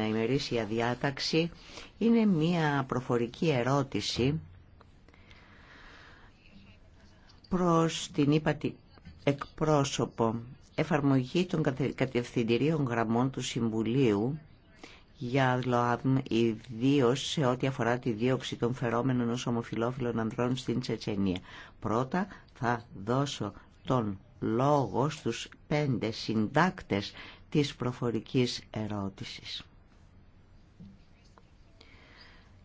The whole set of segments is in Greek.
Η ημερήσια διάταξη είναι μία προφορική ερώτηση προς την ύπατη εκπρόσωπο εφαρμογή των κατευθυντηρίων γραμμών του Συμβουλίου για ΛΟΑΔΜ ιδίω σε ό,τι αφορά τη δίωξη των φερόμενων ως ομοφιλόφιλων ανδρών στην Τσετσενία. Πρώτα θα δώσω τον λόγο στους πέντε συντάκτες της προφορικής ερώτησης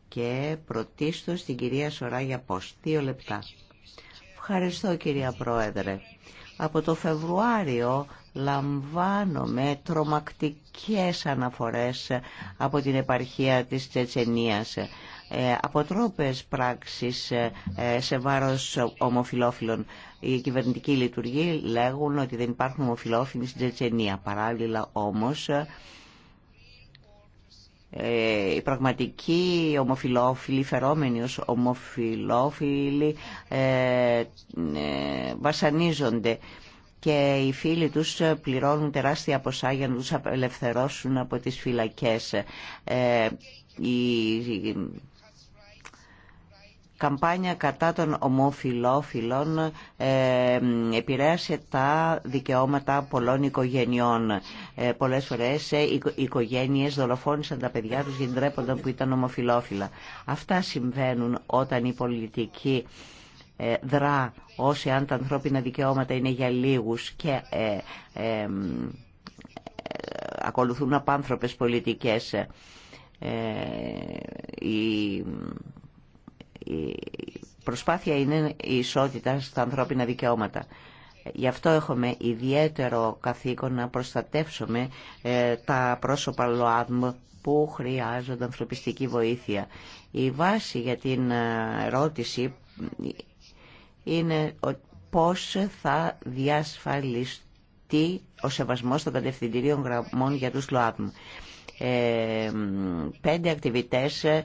και πρωτίστως την κυρία Σοράγια Πώς. Δύο λεπτά. Ευχαριστώ κυρία Πρόεδρε. Από το Φεβρουάριο λαμβάνομαι τρομακτικές αναφορές από την επαρχία της Τσετσενίας ε, αποτρόπες πράξεις ε, σε βάρος ομοφιλόφιλων. Οι κυβερνητικοί λειτουργοί λέγουν ότι δεν υπάρχουν ομοφιλόφιλοι στην Τσετσενία. Παράλληλα όμως ε, οι πραγματικοί ομοφιλόφιλοι, φερόμενοι ως ομοφιλόφιλοι ε, ε, βασανίζονται και οι φίλοι τους πληρώνουν τεράστια ποσά για να τους απελευθερώσουν από τις φυλακές καμπάνια κατά των ομοφιλόφιλων ε, επηρέασε τα δικαιώματα πολλών οικογενειών. Ε, πολλές φορές ε, οι οικογένειες δολοφόνησαν τα παιδιά τους γιατί ντρέπονταν που ήταν ομοφιλόφιλα. Αυτά συμβαίνουν όταν η πολιτική ε, δρά όσοι αν τα ανθρώπινα δικαιώματα είναι για λίγους και ε, ε, ακολουθούν απάνθρωπες πολιτικές. Ε, η προσπάθεια είναι η ισότητα στα ανθρώπινα δικαιώματα. Γι' αυτό έχουμε ιδιαίτερο καθήκον να προστατεύσουμε ε, τα πρόσωπα ΛΟΑΔΜ που χρειάζονται ανθρωπιστική βοήθεια. Η βάση για την ε, ερώτηση είναι πώς θα διασφαλιστεί ο σεβασμός των κατευθυντηρίων γραμμών για τους ΛΟΑΔΜ. Ε, πέντε ακτιβιτές ε,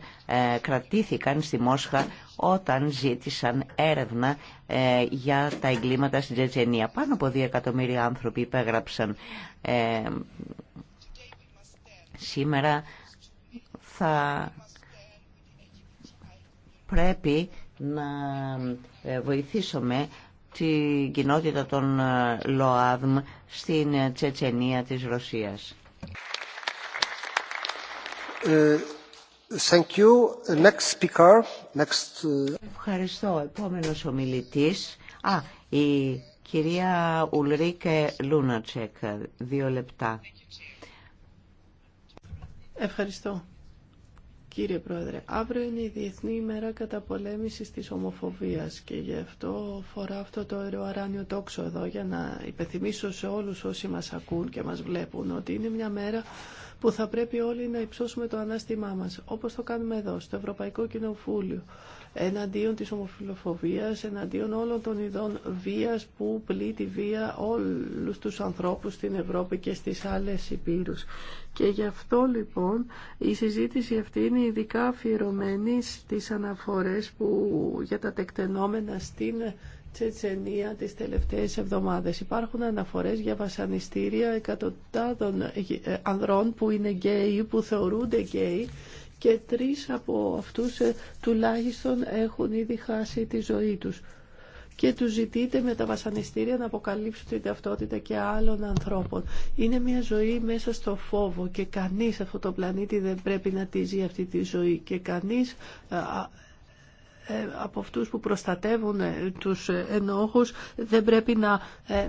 κρατήθηκαν στη Μόσχα όταν ζήτησαν έρευνα ε, για τα εγκλήματα στην Τζετζενία. Πάνω από δύο εκατομμύρια άνθρωποι υπέγραψαν. σήμερα θα πρέπει να βοηθήσουμε την κοινότητα των ΛΟΑΔΜ στην Τσετσενία της Ρωσίας. Uh, uh, Ευχαριστώ. Επόμενος ομιλητής. Α, η κυρία Ουλρίκε Λούνατσεκ. Δύο λεπτά. Ευχαριστώ. Κύριε Πρόεδρε, αύριο είναι η Διεθνή ημέρα καταπολέμησης της ομοφοβίας και γι' αυτό φορά αυτό το αεροαράνιο τόξο εδώ για να υπενθυμίσω σε όλους όσοι μας ακούν και μας βλέπουν ότι είναι μια μέρα που θα πρέπει όλοι να υψώσουμε το ανάστημά μας, όπως το κάνουμε εδώ, στο Ευρωπαϊκό Κοινοβούλιο, εναντίον της ομοφιλοφοβίας, εναντίον όλων των ειδών βίας που πλήττει βία όλους τους ανθρώπους στην Ευρώπη και στις άλλες υπήρους. Και γι' αυτό λοιπόν η συζήτηση αυτή είναι ειδικά αφιερωμένη στις αναφορές που για τα τεκτενόμενα στην Τσετσενία τις τελευταίες εβδομάδες. Υπάρχουν αναφορές για βασανιστήρια εκατοντάδων ε, ανδρών που είναι γκέι, που θεωρούνται γκέι και τρεις από αυτούς ε, τουλάχιστον έχουν ήδη χάσει τη ζωή τους και τους ζητείτε με τα βασανιστήρια να αποκαλύψουν την ταυτότητα και άλλων ανθρώπων. Είναι μια ζωή μέσα στο φόβο και κανείς αυτό το πλανήτη δεν πρέπει να τη ζει αυτή τη ζωή και κανείς ε, από αυτούς που προστατεύουν ε, τους ε, ενόχους δεν πρέπει να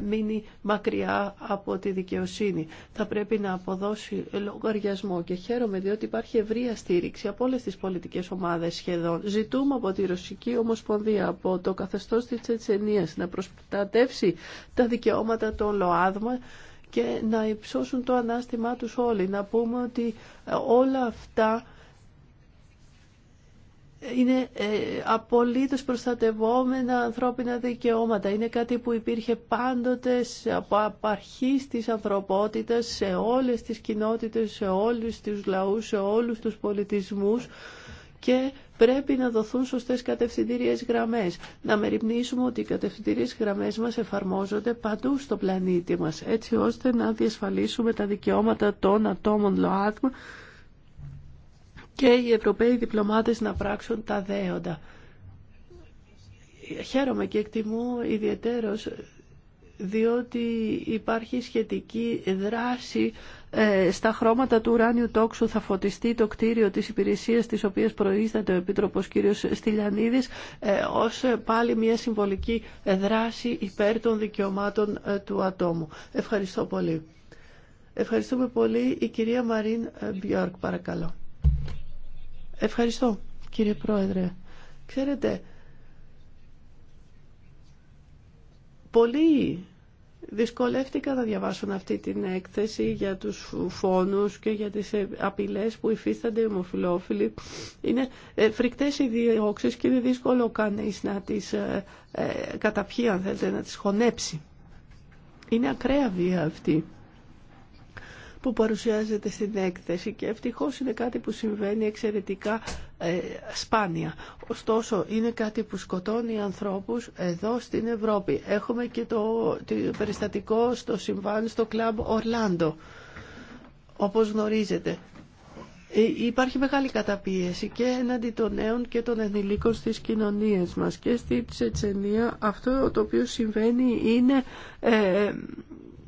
μείνει μακριά από τη δικαιοσύνη. Θα πρέπει να αποδώσει λογαριασμό και χαίρομαι διότι υπάρχει ευρία στήριξη από όλες τις πολιτικές ομάδες σχεδόν. Ζητούμε από τη Ρωσική Ομοσπονδία, από το καθεστώς της Τσετσενίας να προστατεύσει τα δικαιώματα των ΛΟΑΔΜΑ και να υψώσουν το ανάστημά τους όλοι. Να πούμε ότι όλα αυτά είναι ε, απολύτως προστατευόμενα ανθρώπινα δικαιώματα. Είναι κάτι που υπήρχε πάντοτε από απαρχής της ανθρωπότητας σε όλες τις κοινότητες, σε όλους τους λαούς, σε όλους τους πολιτισμούς και πρέπει να δοθούν σωστές κατευθυντήριες γραμμές. Να μεριμνήσουμε ότι οι κατευθυντήριες γραμμές μας εφαρμόζονται παντού στο πλανήτη μας, έτσι ώστε να διασφαλίσουμε τα δικαιώματα των ατόμων ΛΟΑΤΜ και οι Ευρωπαίοι διπλωμάτες να πράξουν τα δέοντα. Χαίρομαι και εκτιμώ ιδιαιτέρως διότι υπάρχει σχετική δράση ε, στα χρώματα του ουράνιου τόξου θα φωτιστεί το κτίριο της υπηρεσίας της οποίας προείσταται ο Επίτροπος κ. Στυλιανίδης ε, ως πάλι μια συμβολική δράση υπέρ των δικαιωμάτων ε, του ατόμου. Ευχαριστώ πολύ. Ευχαριστούμε πολύ. Η κυρία Μαρίν Μπιόρκ, παρακαλώ. Ευχαριστώ, κύριε Πρόεδρε. Ξέρετε, πολύ δυσκολεύτηκα να διαβάσουν αυτή την έκθεση για τους φόνους και για τις απειλές που υφίστανται οι ομοφυλόφιλοι. Είναι ε, φρικτές οι διώξεις και είναι δύσκολο κανείς να τις ε, ε, καταπιεί, αν θέλετε, να τις χωνέψει. Είναι ακραία βία αυτή που παρουσιάζεται στην έκθεση και ευτυχώς είναι κάτι που συμβαίνει εξαιρετικά ε, σπάνια. Ωστόσο, είναι κάτι που σκοτώνει ανθρώπους εδώ στην Ευρώπη. Έχουμε και το, το περιστατικό στο συμβάν στο κλαμπ Ορλάντο, όπως γνωρίζετε. Ε, υπάρχει μεγάλη καταπίεση και εναντί των νέων και των ενηλίκων στις κοινωνίες μας και στη Τσετσενία αυτό το οποίο συμβαίνει είναι ε,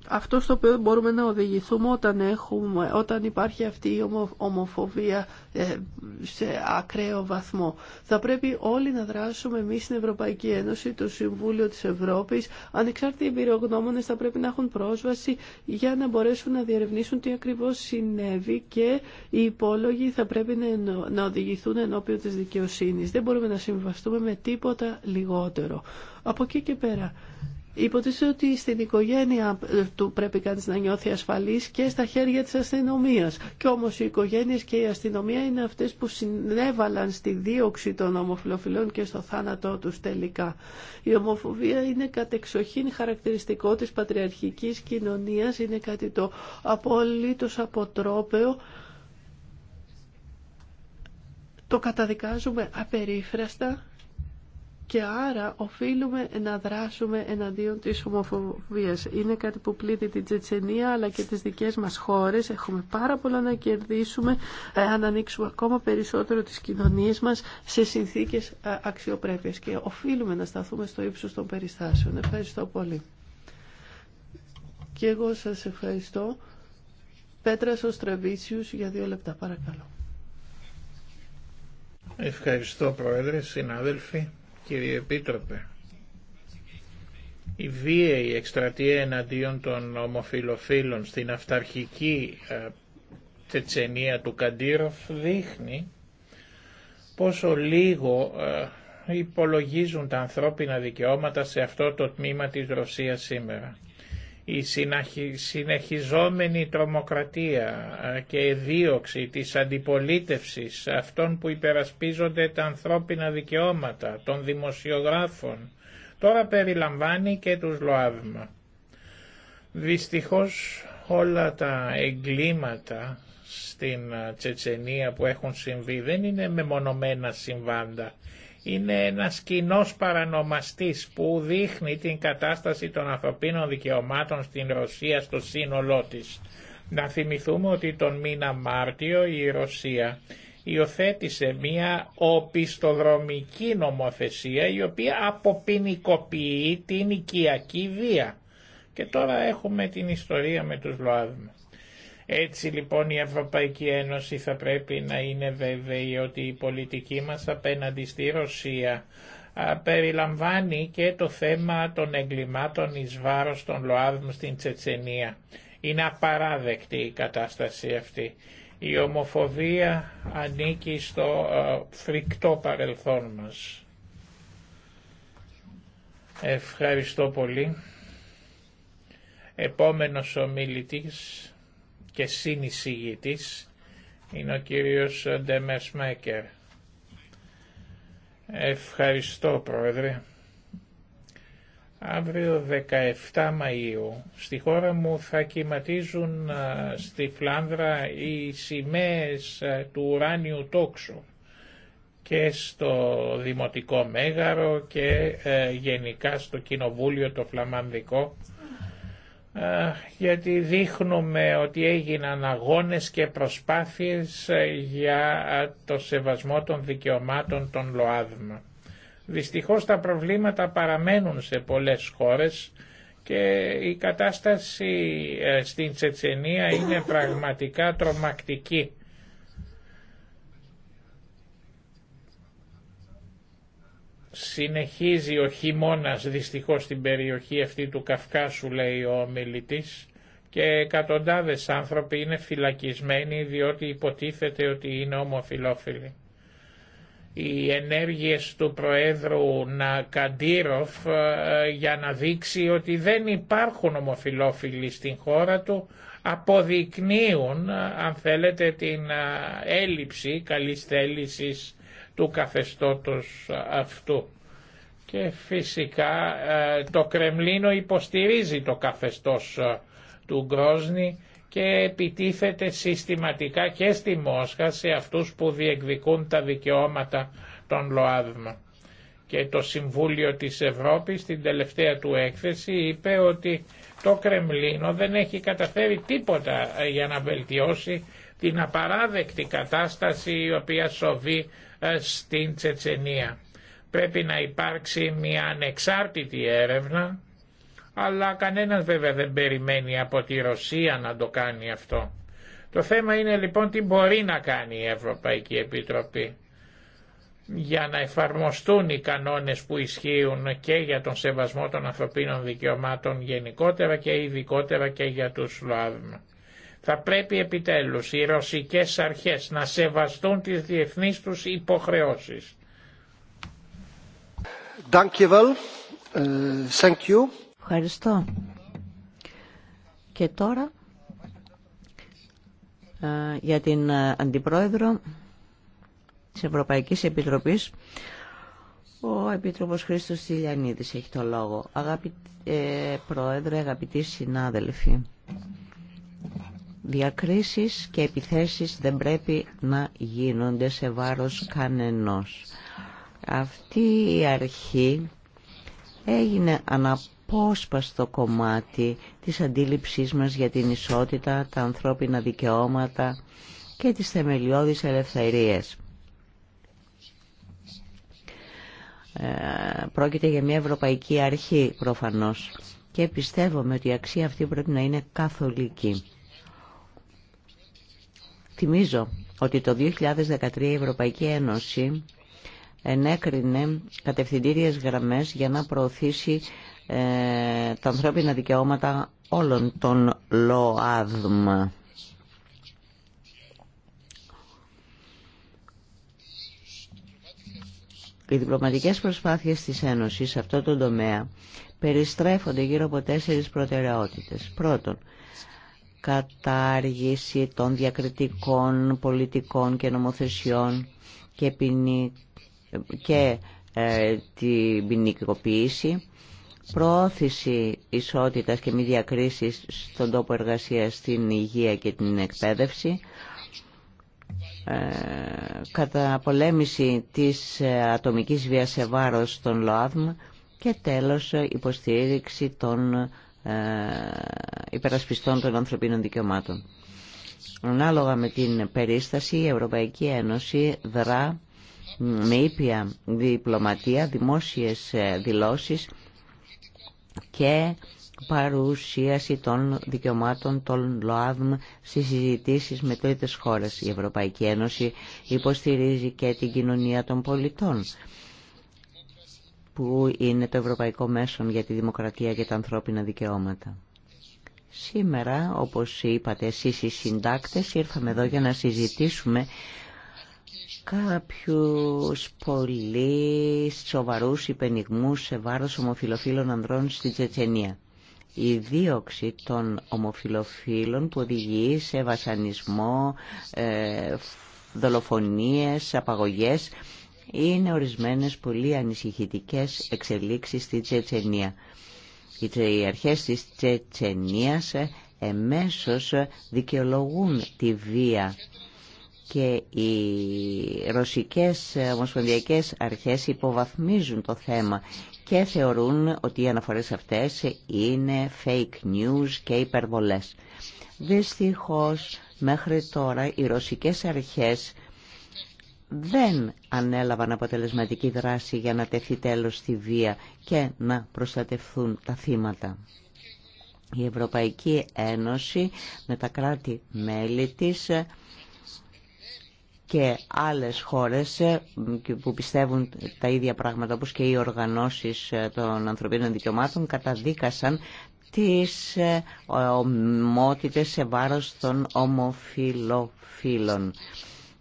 αυτό στο οποίο μπορούμε να οδηγηθούμε όταν, έχουμε, όταν υπάρχει αυτή η ομοφοβία ε, σε ακραίο βαθμό. Θα πρέπει όλοι να δράσουμε εμείς στην Ευρωπαϊκή Ένωση, το Συμβούλιο της Ευρώπης, ανεξάρτητοι εμπειρογνώμονες θα πρέπει να έχουν πρόσβαση για να μπορέσουν να διερευνήσουν τι ακριβώς συνέβη και οι υπόλογοι θα πρέπει να οδηγηθούν ενώπιον της δικαιοσύνης. Δεν μπορούμε να συμβαστούμε με τίποτα λιγότερο. Από εκεί και πέρα Υποτίθεται ότι στην οικογένεια του πρέπει κανείς να νιώθει ασφαλής και στα χέρια της αστυνομίας. Και όμως οι οικογένειες και η αστυνομία είναι αυτές που συνέβαλαν στη δίωξη των ομοφυλοφιλών και στο θάνατό τους τελικά. Η ομοφοβία είναι κατεξοχήν χαρακτηριστικό της πατριαρχικής κοινωνίας, είναι κάτι το απολύτως αποτρόπαιο. Το καταδικάζουμε απερίφραστα και άρα οφείλουμε να δράσουμε εναντίον της ομοφοβίας. Είναι κάτι που πλήττει την Τσετσενία αλλά και τις δικές μας χώρες. Έχουμε πάρα πολλά να κερδίσουμε ε, αν ανοίξουμε ακόμα περισσότερο τις κοινωνίες μας σε συνθήκες ε, αξιοπρέπειας και οφείλουμε να σταθούμε στο ύψος των περιστάσεων. Ευχαριστώ πολύ. Και εγώ σας ευχαριστώ. Πέτρας για δύο λεπτά παρακαλώ. Ευχαριστώ Πρόεδρε, συνάδελφοι. Κύριε Επίτροπε, η βίαιη εκστρατεία εναντίον των ομοφιλοφίλων στην αυταρχική ε, τετσενία του Καντήροφ δείχνει πόσο λίγο ε, υπολογίζουν τα ανθρώπινα δικαιώματα σε αυτό το τμήμα της Ρωσίας σήμερα η συνεχιζόμενη τρομοκρατία και δίωξη της αντιπολίτευσης αυτών που υπερασπίζονται τα ανθρώπινα δικαιώματα, των δημοσιογράφων, τώρα περιλαμβάνει και τους ΛΟΑΔΜΑ. Δυστυχώς όλα τα εγκλήματα στην Τσετσενία που έχουν συμβεί δεν είναι μεμονωμένα συμβάντα είναι ένας κοινό παρανομαστής που δείχνει την κατάσταση των ανθρωπίνων δικαιωμάτων στην Ρωσία στο σύνολό της. Να θυμηθούμε ότι τον μήνα Μάρτιο η Ρωσία υιοθέτησε μια οπισθοδρομική νομοθεσία η οποία αποποινικοποιεί την οικιακή βία. Και τώρα έχουμε την ιστορία με τους ΛΟΑΔΜΕΣ. Έτσι λοιπόν η Ευρωπαϊκή Ένωση θα πρέπει να είναι βέβαιη ότι η πολιτική μας απέναντι στη Ρωσία περιλαμβάνει και το θέμα των εγκλημάτων εις βάρος των ΛΟΑΔΜ στην Τσετσενία. Είναι απαράδεκτη η κατάσταση αυτή. Η ομοφοβία ανήκει στο φρικτό παρελθόν μας. Ευχαριστώ πολύ. Επόμενος ομιλητής και συνεισηγητής είναι ο κύριος Ντέμερς Μέκερ. Ευχαριστώ Πρόεδρε. Αύριο 17 Μαΐου στη χώρα μου θα κυματίζουν στη Φλάνδρα οι σημαίες του ουράνιου τόξου και στο Δημοτικό Μέγαρο και ε, γενικά στο Κοινοβούλιο το Φλαμανδικό ε, γιατί δείχνουμε ότι έγιναν αγώνες και προσπάθειες ε, για ε, το σεβασμό των δικαιωμάτων των ΛΟΑΔΜΑ. Δυστυχώς τα προβλήματα παραμένουν σε πολλές χώρες και η κατάσταση στην Τσετσενία είναι πραγματικά τρομακτική. Συνεχίζει ο χειμώνας δυστυχώς στην περιοχή αυτή του Καυκάσου λέει ο ομιλητής και εκατοντάδες άνθρωποι είναι φυλακισμένοι διότι υποτίθεται ότι είναι ομοφιλόφιλοι. Οι ενέργειες του Προέδρου Νακαντήροφ ε, για να δείξει ότι δεν υπάρχουν ομοφιλόφιλοι στην χώρα του αποδεικνύουν ε, αν θέλετε την ε, έλλειψη καλής θέλησης του καθεστώτος αυτού. Και φυσικά ε, το Κρεμλίνο υποστηρίζει το καθεστώς ε, του Γκρόσνη και επιτίθεται συστηματικά και στη Μόσχα σε αυτούς που διεκδικούν τα δικαιώματα των ΛΟΑΔΜΑ. Και το Συμβούλιο της Ευρώπης στην τελευταία του έκθεση είπε ότι το Κρεμλίνο δεν έχει καταφέρει τίποτα ε, για να βελτιώσει την απαράδεκτη κατάσταση η οποία σοβεί στην Τσετσενία. Πρέπει να υπάρξει μια ανεξάρτητη έρευνα, αλλά κανένας βέβαια δεν περιμένει από τη Ρωσία να το κάνει αυτό. Το θέμα είναι λοιπόν τι μπορεί να κάνει η Ευρωπαϊκή Επιτροπή για να εφαρμοστούν οι κανόνες που ισχύουν και για τον σεβασμό των ανθρωπίνων δικαιωμάτων γενικότερα και ειδικότερα και για τους ΛΟΑΔΜΑ. Θα πρέπει επιτέλους οι ρωσικές αρχές να σεβαστούν τις διεθνείς τους υποχρεώσεις. Ε, Ευχαριστώ. Και τώρα ε, για την ε, Αντιπρόεδρο της Ευρωπαϊκής Επιτροπής ο Επίτροπος Χρήστος Τηλιανίδης έχει το λόγο. Αγαπητέ Πρόεδρε, αγαπητοί συνάδελφοι. Διακρίσεις και επιθέσεις δεν πρέπει να γίνονται σε βάρος κανενός. Αυτή η αρχή έγινε αναπόσπαστο κομμάτι της αντίληψής μας για την ισότητα, τα ανθρώπινα δικαιώματα και τις θεμελιώδεις ελευθερίες. Ε, πρόκειται για μια ευρωπαϊκή αρχή προφανώς και πιστεύομαι ότι η αξία αυτή πρέπει να είναι καθολική. Θυμίζω ότι το 2013 η Ευρωπαϊκή Ένωση ενέκρινε κατευθυντήριες γραμμές για να προωθήσει ε, τα ανθρώπινα δικαιώματα όλων των ΛΟΑΔΜ. Οι διπλωματικές προσπάθειες της Ένωσης σε αυτό το τομέα περιστρέφονται γύρω από τέσσερις προτεραιότητες. Πρώτον, κατάργηση των διακριτικών πολιτικών και νομοθεσιών και, και ε, την ποινικοποίηση, προώθηση ισότητας και μη διακρίσεις στον τόπο εργασίας, στην υγεία και την εκπαίδευση, ε, καταπολέμηση της ε, ατομικής βίας σε βάρος των ΛΟΑΔΜ και τέλος ε, υποστήριξη των ε, υπερασπιστών των ανθρωπίνων δικαιωμάτων. Ανάλογα με την περίσταση, η Ευρωπαϊκή Ένωση δρά με ήπια διπλωματία, δημόσιες ε, δηλώσεις και παρουσίαση των δικαιωμάτων των ΛΟΑΔΜ στις συζητήσεις με τρίτες χώρες. Η Ευρωπαϊκή Ένωση υποστηρίζει και την κοινωνία των πολιτών που είναι το Ευρωπαϊκό Μέσο για τη Δημοκρατία και τα Ανθρώπινα Δικαιώματα. Σήμερα, όπως είπατε εσείς οι συντάκτες, ήρθαμε εδώ για να συζητήσουμε κάποιους πολύ σοβαρούς υπενιγμούς σε βάρος ομοφιλοφίλων ανδρών στη Τσετσενία. Η δίωξη των ομοφιλοφίλων που οδηγεί σε βασανισμό, ε, δολοφονίες, απαγωγές είναι ορισμένες πολύ ανησυχητικές εξελίξεις στη Τσετσενία. Οι αρχές της Τσετσενίας ε, εμέσως δικαιολογούν τη βία και οι ρωσικές ε, ομοσπονδιακές αρχές υποβαθμίζουν το θέμα και θεωρούν ότι οι αναφορές αυτές είναι fake news και υπερβολές. Δυστυχώς μέχρι τώρα οι ρωσικές αρχές δεν ανέλαβαν αποτελεσματική δράση για να τεθεί τέλος στη βία και να προστατευθούν τα θύματα. Η Ευρωπαϊκή Ένωση με τα κράτη-μέλη της και άλλες χώρες ε, που πιστεύουν τα ίδια πράγματα όπως και οι οργανώσεις ε, των ανθρωπίνων δικαιωμάτων καταδίκασαν τις ε, ομότητες σε βάρος των ομοφιλοφίλων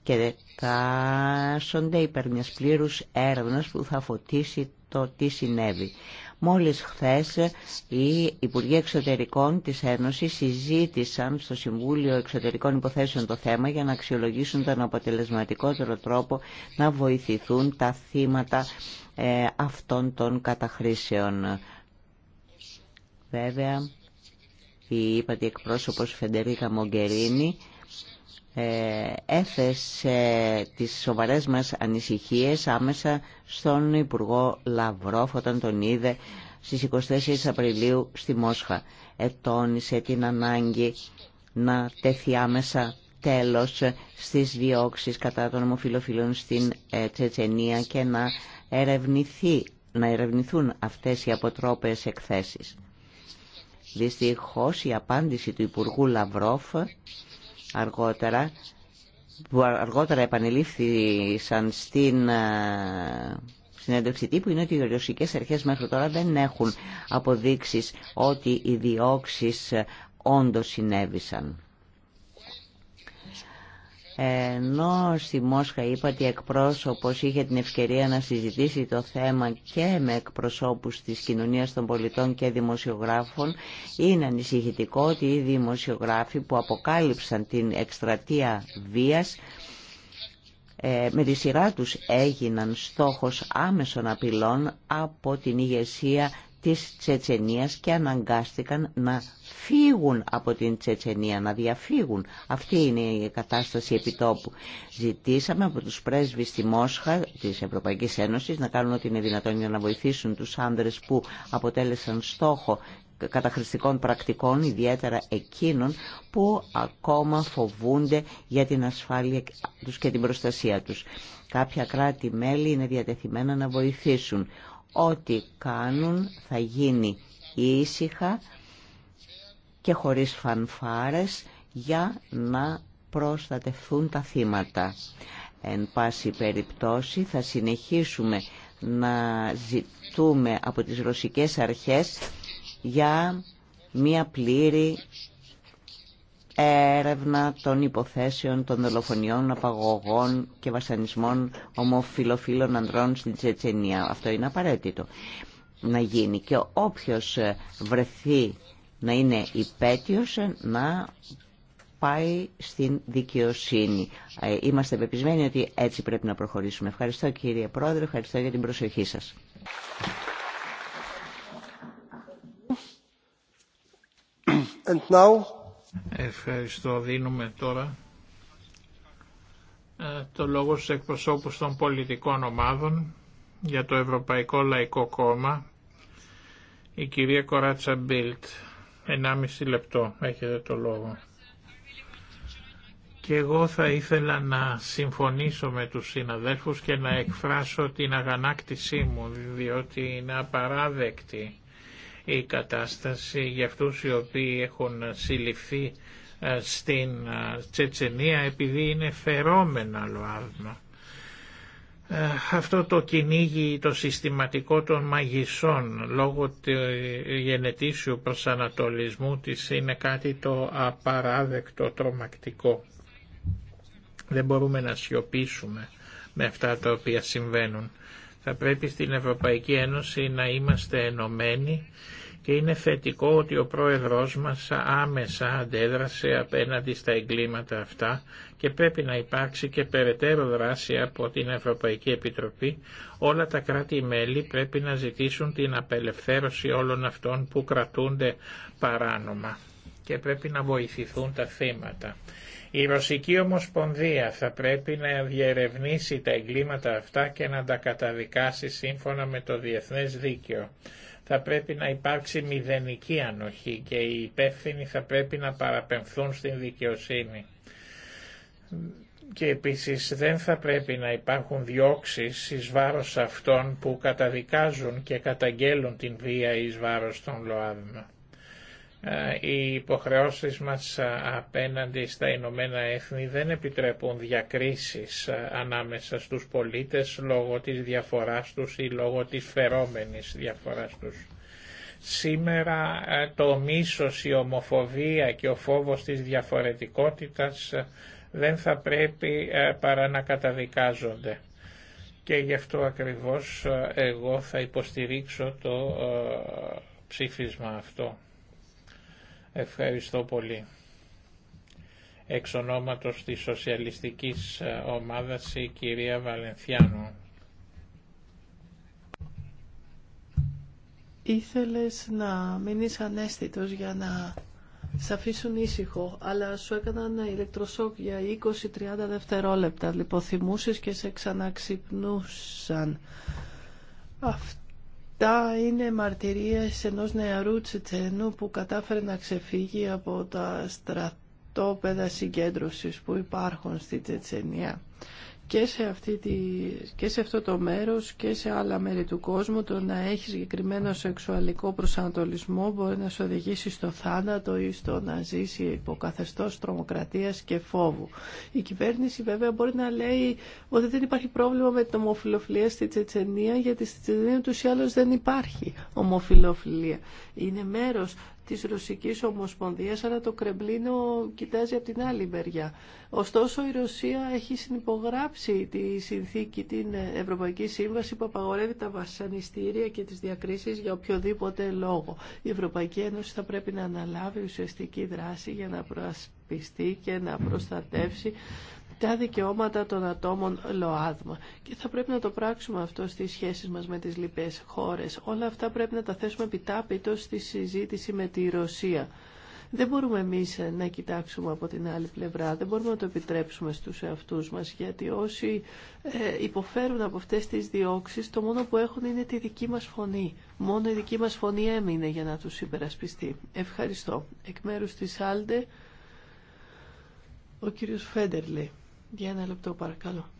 και δεκάσονται υπέρ μιας πλήρους έρευνας που θα φωτίσει το τι συνέβη. Μόλις χθες οι Υπουργοί Εξωτερικών της Ένωσης συζήτησαν στο Συμβούλιο Εξωτερικών Υποθέσεων το θέμα για να αξιολογήσουν τον αποτελεσματικότερο τρόπο να βοηθηθούν τα θύματα ε, αυτών των καταχρήσεων. Βέβαια, η είπατε εκπρόσωπος Φεντερίκα Μογκερίνη ε, έθεσε τις σοβαρές μας ανησυχίες άμεσα στον Υπουργό Λαυρόφ όταν τον είδε στις 24 Απριλίου στη Μόσχα. Ετώνησε την ανάγκη να τέθει άμεσα τέλος στις διώξεις κατά των ομοφιλοφιλών στην ε, Τσετσενία και να, ερευνηθεί, να ερευνηθούν αυτές οι αποτρόπες εκθέσεις. Δυστυχώς η απάντηση του Υπουργού Λαυρόφ αργότερα που αργότερα επανελήφθησαν στην ε, συνέντευξη τύπου είναι ότι οι ρωσικές αρχές μέχρι τώρα δεν έχουν αποδείξεις ότι οι διώξεις ε, όντως συνέβησαν. Ενώ στη Μόσχα είπα ότι εκπρόσωπος είχε την ευκαιρία να συζητήσει το θέμα και με εκπροσώπους της κοινωνίας των πολιτών και δημοσιογράφων, είναι ανησυχητικό ότι οι δημοσιογράφοι που αποκάλυψαν την εκστρατεία βίας ε, με τη σειρά τους έγιναν στόχος άμεσων απειλών από την ηγεσία της Τσετσενίας και αναγκάστηκαν να φύγουν από την Τσετσενία, να διαφύγουν. Αυτή είναι η κατάσταση επιτόπου. Ζητήσαμε από τους πρέσβεις στη Μόσχα της Ευρωπαϊκής Ένωσης να κάνουν ό,τι είναι δυνατόν για να βοηθήσουν τους άνδρες που αποτέλεσαν στόχο καταχρηστικών πρακτικών, ιδιαίτερα εκείνων που ακόμα φοβούνται για την ασφάλεια τους και την προστασία τους. Κάποια κράτη-μέλη είναι διατεθειμένα να βοηθήσουν. Ό,τι κάνουν θα γίνει ήσυχα και χωρίς φανφάρες για να προστατευθούν τα θύματα. Εν πάση περιπτώσει θα συνεχίσουμε να ζητούμε από τις ρωσικές αρχές για μια πλήρη έρευνα των υποθέσεων των δολοφονιών, απαγωγών και βασανισμών ομοφιλοφίλων ανδρών στην Τσετσενία. Αυτό είναι απαραίτητο να γίνει και όποιος ε, βρεθεί να είναι υπέτειος ε, να πάει στην δικαιοσύνη. Ε, είμαστε πεπισμένοι ότι έτσι πρέπει να προχωρήσουμε. Ευχαριστώ κύριε Πρόεδρε, ευχαριστώ για την προσοχή σας. Ευχαριστώ. Δίνουμε τώρα ε, το λόγο στους εκπροσώπους των πολιτικών ομάδων για το Ευρωπαϊκό Λαϊκό Κόμμα. Η κυρία Κοράτσα Μπίλτ, 1,5 λεπτό, έχετε το λόγο. Και εγώ θα ήθελα να συμφωνήσω με τους συναδέλφους και να εκφράσω την αγανάκτησή μου, διότι είναι απαράδεκτη η κατάσταση για αυτούς οι οποίοι έχουν συλληφθεί ε, στην ε, Τσετσενία επειδή είναι φερόμενα ΛΟΑΔΜΑ. Ε, αυτό το κυνήγι το συστηματικό των μαγισσών λόγω του γενετήσιου προσανατολισμού της είναι κάτι το απαράδεκτο τρομακτικό. Δεν μπορούμε να σιωπήσουμε με αυτά τα οποία συμβαίνουν. Θα πρέπει στην Ευρωπαϊκή Ένωση να είμαστε ενωμένοι και είναι θετικό ότι ο πρόεδρός μας άμεσα αντέδρασε απέναντι στα εγκλήματα αυτά και πρέπει να υπάρξει και περαιτέρω δράση από την Ευρωπαϊκή Επιτροπή. Όλα τα κράτη-μέλη πρέπει να ζητήσουν την απελευθέρωση όλων αυτών που κρατούνται παράνομα και πρέπει να βοηθηθούν τα θύματα. Η Ρωσική Ομοσπονδία θα πρέπει να διερευνήσει τα εγκλήματα αυτά και να τα καταδικάσει σύμφωνα με το διεθνές δίκαιο. Θα πρέπει να υπάρξει μηδενική ανοχή και οι υπεύθυνοι θα πρέπει να παραπεμφθούν στην δικαιοσύνη. Και επίσης δεν θα πρέπει να υπάρχουν διώξεις εις βάρος αυτών που καταδικάζουν και καταγγέλουν την βία εις βάρος των ΛΟΑΔΜΑ. Ε, οι υποχρεώσεις μας ε, απέναντι στα Ηνωμένα Έθνη δεν επιτρέπουν διακρίσεις ε, ανάμεσα στους πολίτες λόγω της διαφοράς τους ή λόγω της φερόμενης διαφοράς τους. Σήμερα το μίσος, η ομοφοβία και ο φόβος της διαφορετικότητας δεν θα πρέπει παρά να καταδικάζονται. Και γι' αυτό ακριβώς εγώ θα υποστηρίξω το ψήφισμα αυτό. Ευχαριστώ πολύ. Εξ ονόματος της Σοσιαλιστικής ε, Ομάδας η κυρία Βαλενθιάνου. Ήθελες να μείνεις ανέστητος για να σε αφήσουν ήσυχο, αλλά σου έκαναν ηλεκτροσόκ για 20-30 δευτερόλεπτα. Λιποθυμούσες και σε ξαναξυπνούσαν. Αυτό Αυτά είναι μαρτυρίες ενός νεαρού Τσετσένου που κατάφερε να ξεφύγει από τα στρατόπεδα συγκέντρωσης που υπάρχουν στη Τσετσενία και σε, αυτή τη, και σε αυτό το μέρος και σε άλλα μέρη του κόσμου το να έχει συγκεκριμένο σεξουαλικό προσανατολισμό μπορεί να σε οδηγήσει στο θάνατο ή στο να ζήσει υποκαθεστώς τρομοκρατίας και φόβου. Η κυβέρνηση βέβαια μπορεί να λέει ότι δεν υπάρχει πρόβλημα με την ομοφιλοφιλία στη Τσετσενία γιατί στη Τσετσενία τους ή άλλως δεν υπάρχει ομοφιλοφιλία. Είναι μέρος της Ρωσικής Ομοσπονδίας, αλλά το κρεμπλίνο κοιτάζει από την άλλη μεριά. Ωστόσο, η Ρωσία έχει συνυπογράψει τη συνθήκη, την Ευρωπαϊκή Σύμβαση που απαγορεύει τα βασανιστήρια και τις διακρίσεις για οποιοδήποτε λόγο. Η Ευρωπαϊκή Ένωση θα πρέπει να αναλάβει ουσιαστική δράση για να προασπιστεί και να προστατεύσει τα δικαιώματα των ατόμων ΛΟΑΔΜΑ. Και θα πρέπει να το πράξουμε αυτό στις σχέσεις μας με τις λοιπές χώρες. Όλα αυτά πρέπει να τα θέσουμε επιτάπητο στη συζήτηση με τη Ρωσία. Δεν μπορούμε εμείς να κοιτάξουμε από την άλλη πλευρά, δεν μπορούμε να το επιτρέψουμε στους εαυτούς μας, γιατί όσοι ε, υποφέρουν από αυτές τις διώξεις, το μόνο που έχουν είναι τη δική μας φωνή. Μόνο η δική μας φωνή έμεινε για να τους υπερασπιστεί. Ευχαριστώ. Εκ μέρους της Άλντε, ο κύριος Φέντερλη. Για ένα λεπτό παρακαλώ.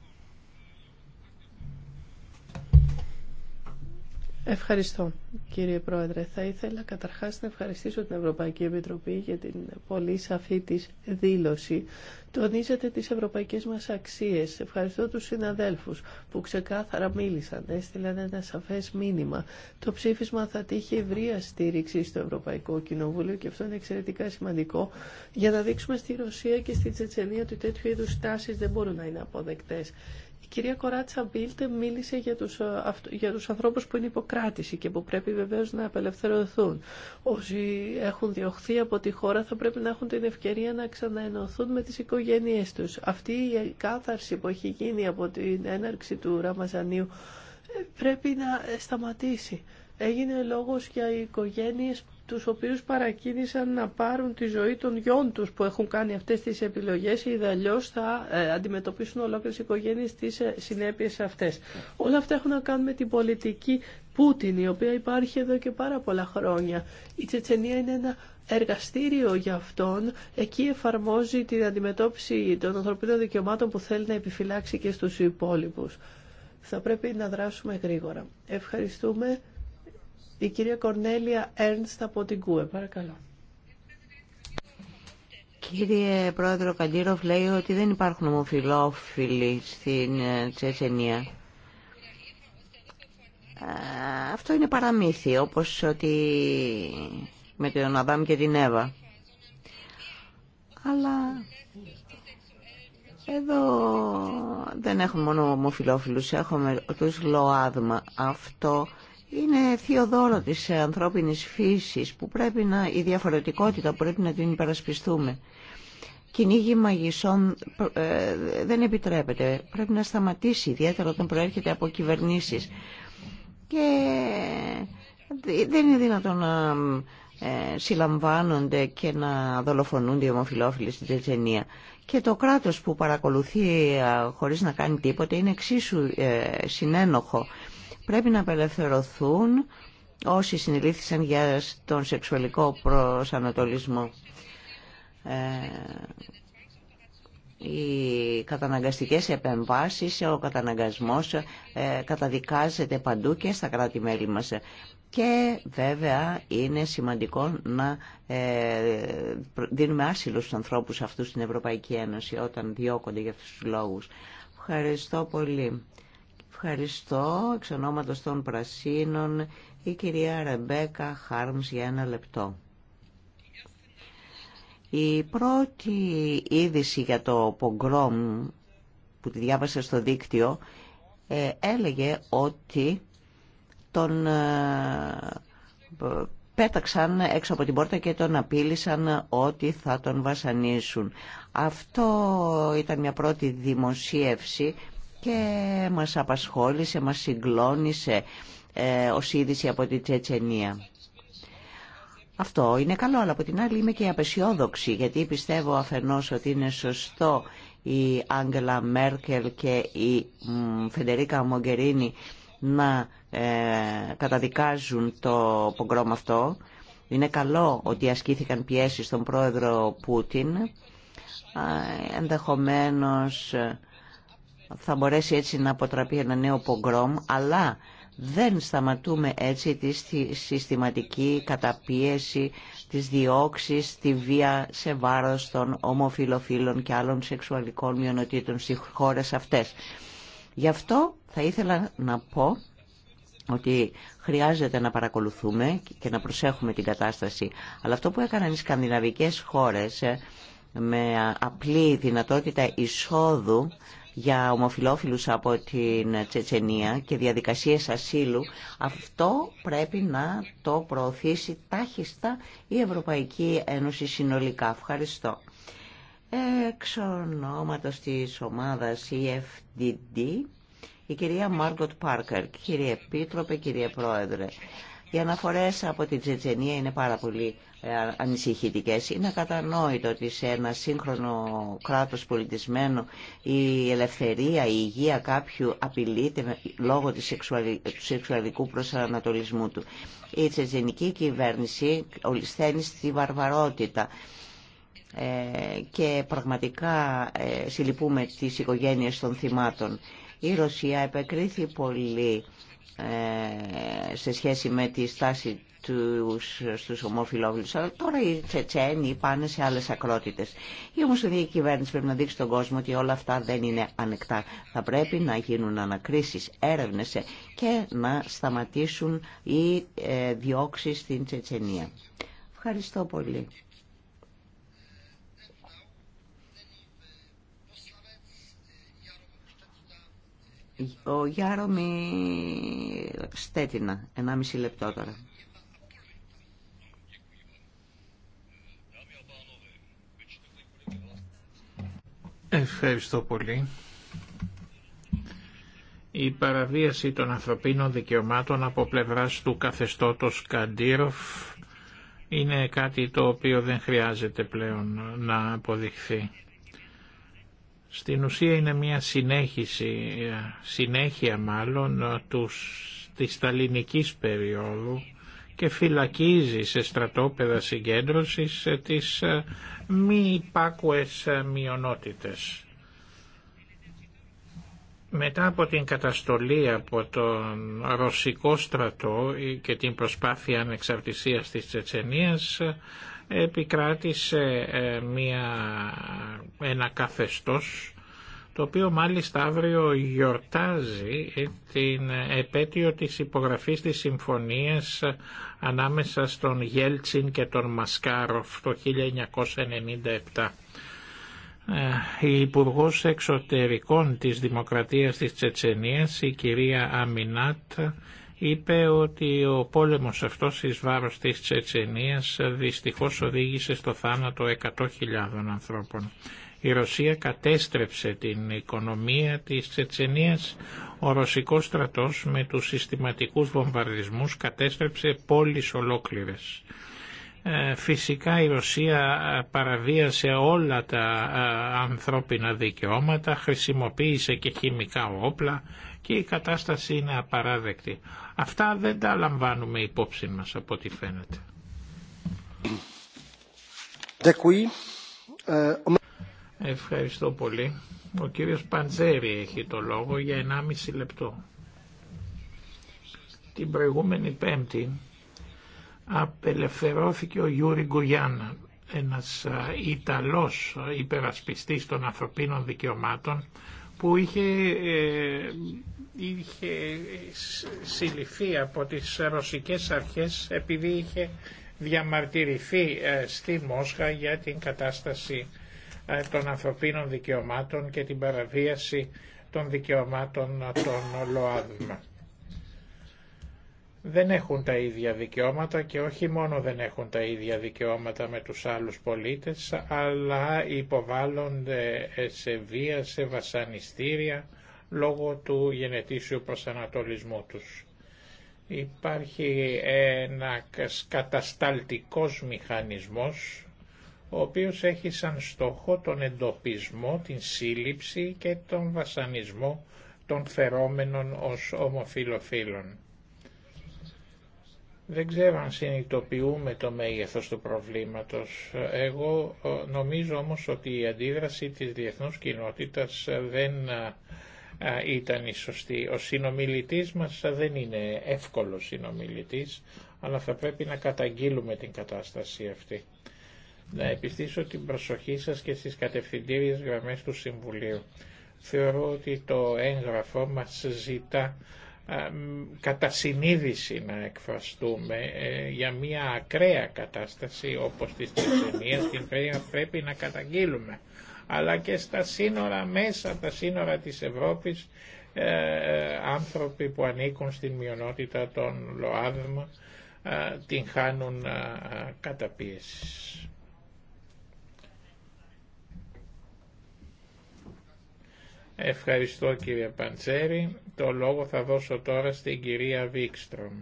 Ευχαριστώ κύριε Πρόεδρε. Θα ήθελα καταρχάς να ευχαριστήσω την Ευρωπαϊκή Επιτροπή για την πολύ σαφή της δήλωση. Τονίζετε τις ευρωπαϊκές μας αξίες. Ευχαριστώ τους συναδέλφους που ξεκάθαρα μίλησαν, έστειλαν ένα σαφές μήνυμα. Το ψήφισμα θα τύχει ευρεία στήριξη στο Ευρωπαϊκό Κοινοβούλιο και αυτό είναι εξαιρετικά σημαντικό για να δείξουμε στη Ρωσία και στη Τσετσενία ότι τέτοιου είδους τάσεις δεν μπορούν να είναι αποδεκτές κυρία Κοράτσα Μπίλτε μίλησε για τους, ε, για τους ανθρώπους που είναι υποκράτηση και που πρέπει βεβαίως να απελευθερωθούν. Όσοι έχουν διωχθεί από τη χώρα θα πρέπει να έχουν την ευκαιρία να ξαναενωθούν με τις οικογένειές τους. Αυτή η κάθαρση που έχει γίνει από την έναρξη του Ραμαζανίου ε, πρέπει να σταματήσει. Έγινε λόγος για οι οικογένειες τους οποίους παρακίνησαν να πάρουν τη ζωή των γιών τους που έχουν κάνει αυτές τις επιλογές ή αλλιώς θα ε, αντιμετωπίσουν ολόκληρες οικογένειες τις ε, συνέπειες αυτές. Όλα αυτά έχουν να κάνουν με την πολιτική Πούτιν, η οποία υπάρχει εδώ και πάρα πολλά χρόνια. Η Τσετσενία είναι ένα εργαστήριο για αυτόν. Εκεί εφαρμόζει την αντιμετώπιση των ανθρωπίνων δικαιωμάτων που θέλει να επιφυλάξει και στους υπόλοιπους. Θα πρέπει να δράσουμε γρήγορα. Ευχαριστούμε. Η κυρία Κορνέλια Έρνστ από την ΚΟΕ. Παρακαλώ. Κύριε Πρόεδρο Καντήροφ λέει ότι δεν υπάρχουν ομοφιλόφιλοι στην ε, Τσεσενία. Αυτό είναι παραμύθι, όπως ότι με τον Αδάμ και την Εύα. Αλλά εδώ δεν έχουμε μόνο ομοφιλόφιλους, έχουμε τους ΛΟΑΔΜΑ. Αυτό είναι δώρο της ανθρώπινης φύσης που πρέπει να, η διαφορετικότητα πρέπει να την υπερασπιστούμε. Κυνήγι μαγισσών ε, δεν επιτρέπεται. Πρέπει να σταματήσει, ιδιαίτερα όταν προέρχεται από κυβερνήσεις. Και ε, δεν είναι δυνατόν να ε, συλλαμβάνονται και να δολοφονούνται οι ομοφυλόφιλοι στην Τετζενία. Και το κράτος που παρακολουθεί χωρίς να κάνει τίποτα είναι εξίσου συνένοχο πρέπει να απελευθερωθούν όσοι συνελήφθησαν για τον σεξουαλικό προσανατολισμό. Ε, οι καταναγκαστικές επεμβάσεις, ο καταναγκασμός ε, καταδικάζεται παντού και στα κράτη-μέλη μας. Και βέβαια είναι σημαντικό να ε, δίνουμε άσυλο στους ανθρώπους αυτούς στην Ευρωπαϊκή Ένωση όταν διώκονται για αυτούς τους λόγους. Ευχαριστώ πολύ. Ευχαριστώ. Εξ ονόματος των Πρασίνων, η κυρία Ρεμπέκα Χάρμς για ένα λεπτό. Η πρώτη είδηση για το Πογκρόμ που τη διάβασα στο δίκτυο ε, έλεγε ότι τον ε, πέταξαν έξω από την πόρτα και τον απείλησαν ότι θα τον βασανίσουν. Αυτό ήταν μια πρώτη δημοσίευση και μας απασχόλησε, μας συγκλώνησε ε, ως είδηση από τη Τσετσενία. Αυτό είναι καλό, αλλά από την άλλη είμαι και απεσιόδοξη, γιατί πιστεύω αφενός ότι είναι σωστό η Άγγελα Μέρκελ και η Φεντερίκα Μογκερίνη να ε, καταδικάζουν το πογκρόμ αυτό. Είναι καλό ότι ασκήθηκαν πιέσεις στον πρόεδρο Πούτιν, ενδεχομένως θα μπορέσει έτσι να αποτραπεί ένα νέο πογκρόμ, αλλά δεν σταματούμε έτσι τη συστηματική καταπίεση, της διώξει, τη βία σε βάρος των ομοφιλοφίλων και άλλων σεξουαλικών μειονοτήτων στις χώρες αυτές. Γι' αυτό θα ήθελα να πω ότι χρειάζεται να παρακολουθούμε και να προσέχουμε την κατάσταση. Αλλά αυτό που έκαναν οι σκανδιναβικές χώρες ε, με απλή δυνατότητα εισόδου για ομοφιλόφιλους από την Τσετσενία και διαδικασίες ασύλου, αυτό πρέπει να το προωθήσει τάχιστα η Ευρωπαϊκή Ένωση συνολικά. Ευχαριστώ. Εξ ονόματος της ομάδας EFDD, η κυρία Μάργκοτ Πάρκερ, κύριε Επίτροπε, κύριε Πρόεδρε. Οι αναφορές από την Τσετσενία είναι πάρα πολύ ανησυχητικές. Είναι κατανόητο ότι σε ένα σύγχρονο κράτος πολιτισμένο η ελευθερία, η υγεία κάποιου απειλείται λόγω του σεξουαλικού προσανατολισμού του. Η τσετζενική κυβέρνηση ολισθαίνει στη βαρβαρότητα ε, και πραγματικά ε, συλληπούμε τις οικογένειες των θυμάτων. Η Ρωσία επεκρίθη πολύ ε, σε σχέση με τη στάση τους, στους ομοφυλόφιλους. αλλά τώρα οι Τσετσένοι πάνε σε άλλες ακρότητες. Η ομοσπονδιακή κυβέρνηση πρέπει να δείξει στον κόσμο ότι όλα αυτά δεν είναι ανεκτά. Θα πρέπει να γίνουν ανακρίσεις, έρευνες και να σταματήσουν οι ε, διώξεις στην Τσετσενία. Ευχαριστώ πολύ. Ο Γιάρομι Στέτινα, 1,5 λεπτό τώρα. Ευχαριστώ πολύ. Η παραβίαση των ανθρωπίνων δικαιωμάτων από πλευράς του καθεστώτος Καντήροφ είναι κάτι το οποίο δεν χρειάζεται πλέον να αποδειχθεί. Στην ουσία είναι μια συνέχιση, συνέχεια μάλλον, ε, του, της σταλινικής περίοδου και φυλακίζει σε στρατόπεδα συγκέντρωσης τις ε, μη υπάκουες ε, μειονότητες. Μετά από την καταστολή από τον ρωσικό στρατό και την προσπάθεια ανεξαρτησίας της Τσετσενίας ε, επικράτησε μια, ένα καθεστώς το οποίο μάλιστα αύριο γιορτάζει την επέτειο της υπογραφής της συμφωνίας ανάμεσα στον Γέλτσιν και τον Μασκάροφ το 1997. Ε, η υπουργό Εξωτερικών της Δημοκρατίας της Τσετσενίας, η κυρία Αμινάτ, είπε ότι ο πόλεμος αυτός εις βάρος της Τσετσενίας δυστυχώς οδήγησε στο θάνατο 100.000 ανθρώπων. Η Ρωσία κατέστρεψε την οικονομία της Τσετσενίας. Ο ρωσικός στρατός με τους συστηματικούς βομβαρδισμούς κατέστρεψε πόλεις ολόκληρες. Ε, φυσικά η Ρωσία ε, παραβίασε όλα τα ε, ανθρώπινα δικαιώματα, χρησιμοποίησε και χημικά όπλα και η κατάσταση είναι απαράδεκτη. Αυτά δεν τα λαμβάνουμε υπόψη μας από ό,τι φαίνεται. Ευχαριστώ πολύ. Ο κύριος Παντζέρη έχει το λόγο για 1,5 λεπτό. Την προηγούμενη Πέμπτη απελευθερώθηκε ο Γιούρι Γκουγιάννα, ένας Ιταλός υπερασπιστής των ανθρωπίνων δικαιωμάτων που είχε, ε, είχε συλληφθεί από τις ρωσικές αρχές επειδή είχε διαμαρτυρηθεί ε, στη Μόσχα για την κατάσταση ε, των ανθρωπίνων δικαιωμάτων και την παραβίαση των δικαιωμάτων των ΛΟΑΔΜΑ. Δεν έχουν τα ίδια δικαιώματα και όχι μόνο δεν έχουν τα ίδια δικαιώματα με τους άλλους πολίτες, αλλά υποβάλλονται σε βία, σε βασανιστήρια, λόγω του γενετήσιου προσανατολισμού τους. Υπάρχει ένα κατασταλτικός μηχανισμός ο οποίος έχει σαν στόχο τον εντοπισμό, την σύλληψη και τον βασανισμό των φερόμενων ως ομοφιλοφίλων. Δεν ξέρω αν συνειδητοποιούμε το μέγεθος του προβλήματος. Εγώ ε, νομίζω όμως ότι η αντίδραση της διεθνούς κοινότητας ε, δεν ε, ήταν η σωστή. Ο συνομιλητής μας δεν είναι εύκολος συνομιλητής, αλλά θα πρέπει να καταγγείλουμε την κατάσταση αυτή να επιστήσω την προσοχή σας και στις κατευθυντήριες γραμμές του Συμβουλίου. Θεωρώ ότι το έγγραφο μας ζητά κατά συνείδηση να εκφραστούμε ε, για μια ακραία κατάσταση όπως της Τσετσενίας την οποία πρέπει να καταγγείλουμε αλλά και στα σύνορα μέσα, τα σύνορα της Ευρώπης ε, ε, άνθρωποι που ανήκουν στην μειονότητα των ΛΟΑΔΜ την χάνουν καταπίεσης. Ευχαριστώ κύριε Παντσέρη. Το λόγο θα δώσω τώρα στην κυρία Βίκστρομ.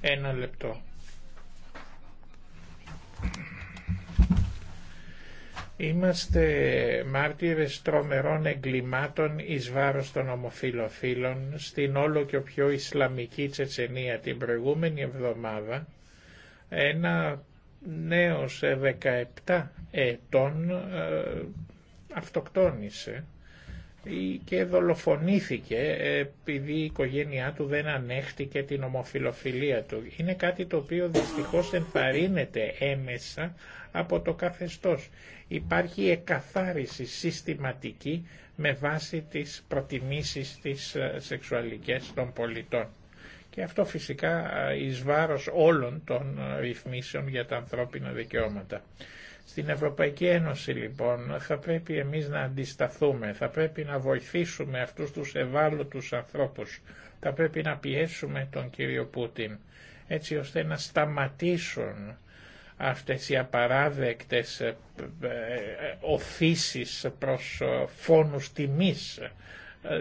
Ένα λεπτό. Είμαστε μάρτυρες τρομερών εγκλημάτων εις βάρος των ομοφιλοφίλων στην όλο και πιο Ισλαμική Τσετσενία την προηγούμενη εβδομάδα. Ένα νέος 17 ετών ε, αυτοκτόνησε και δολοφονήθηκε επειδή η οικογένειά του δεν ανέχτηκε την ομοφιλοφιλία του. Είναι κάτι το οποίο δυστυχώς ενθαρρύνεται έμεσα από το καθεστώς. Υπάρχει εκαθάριση συστηματική με βάση τις προτιμήσεις της ε, σεξουαλικές των πολιτών. Και αυτό φυσικά ε, εις βάρος όλων των ε, ρυθμίσεων για τα ανθρώπινα δικαιώματα. Στην Ευρωπαϊκή Ένωση λοιπόν θα πρέπει εμείς να αντισταθούμε, θα πρέπει να βοηθήσουμε αυτούς τους ευάλωτους ανθρώπους, θα πρέπει να πιέσουμε τον κύριο Πούτιν έτσι ώστε να σταματήσουν αυτές οι απαράδεκτες ε, ε, οθήσεις προς ε, φόνους τιμής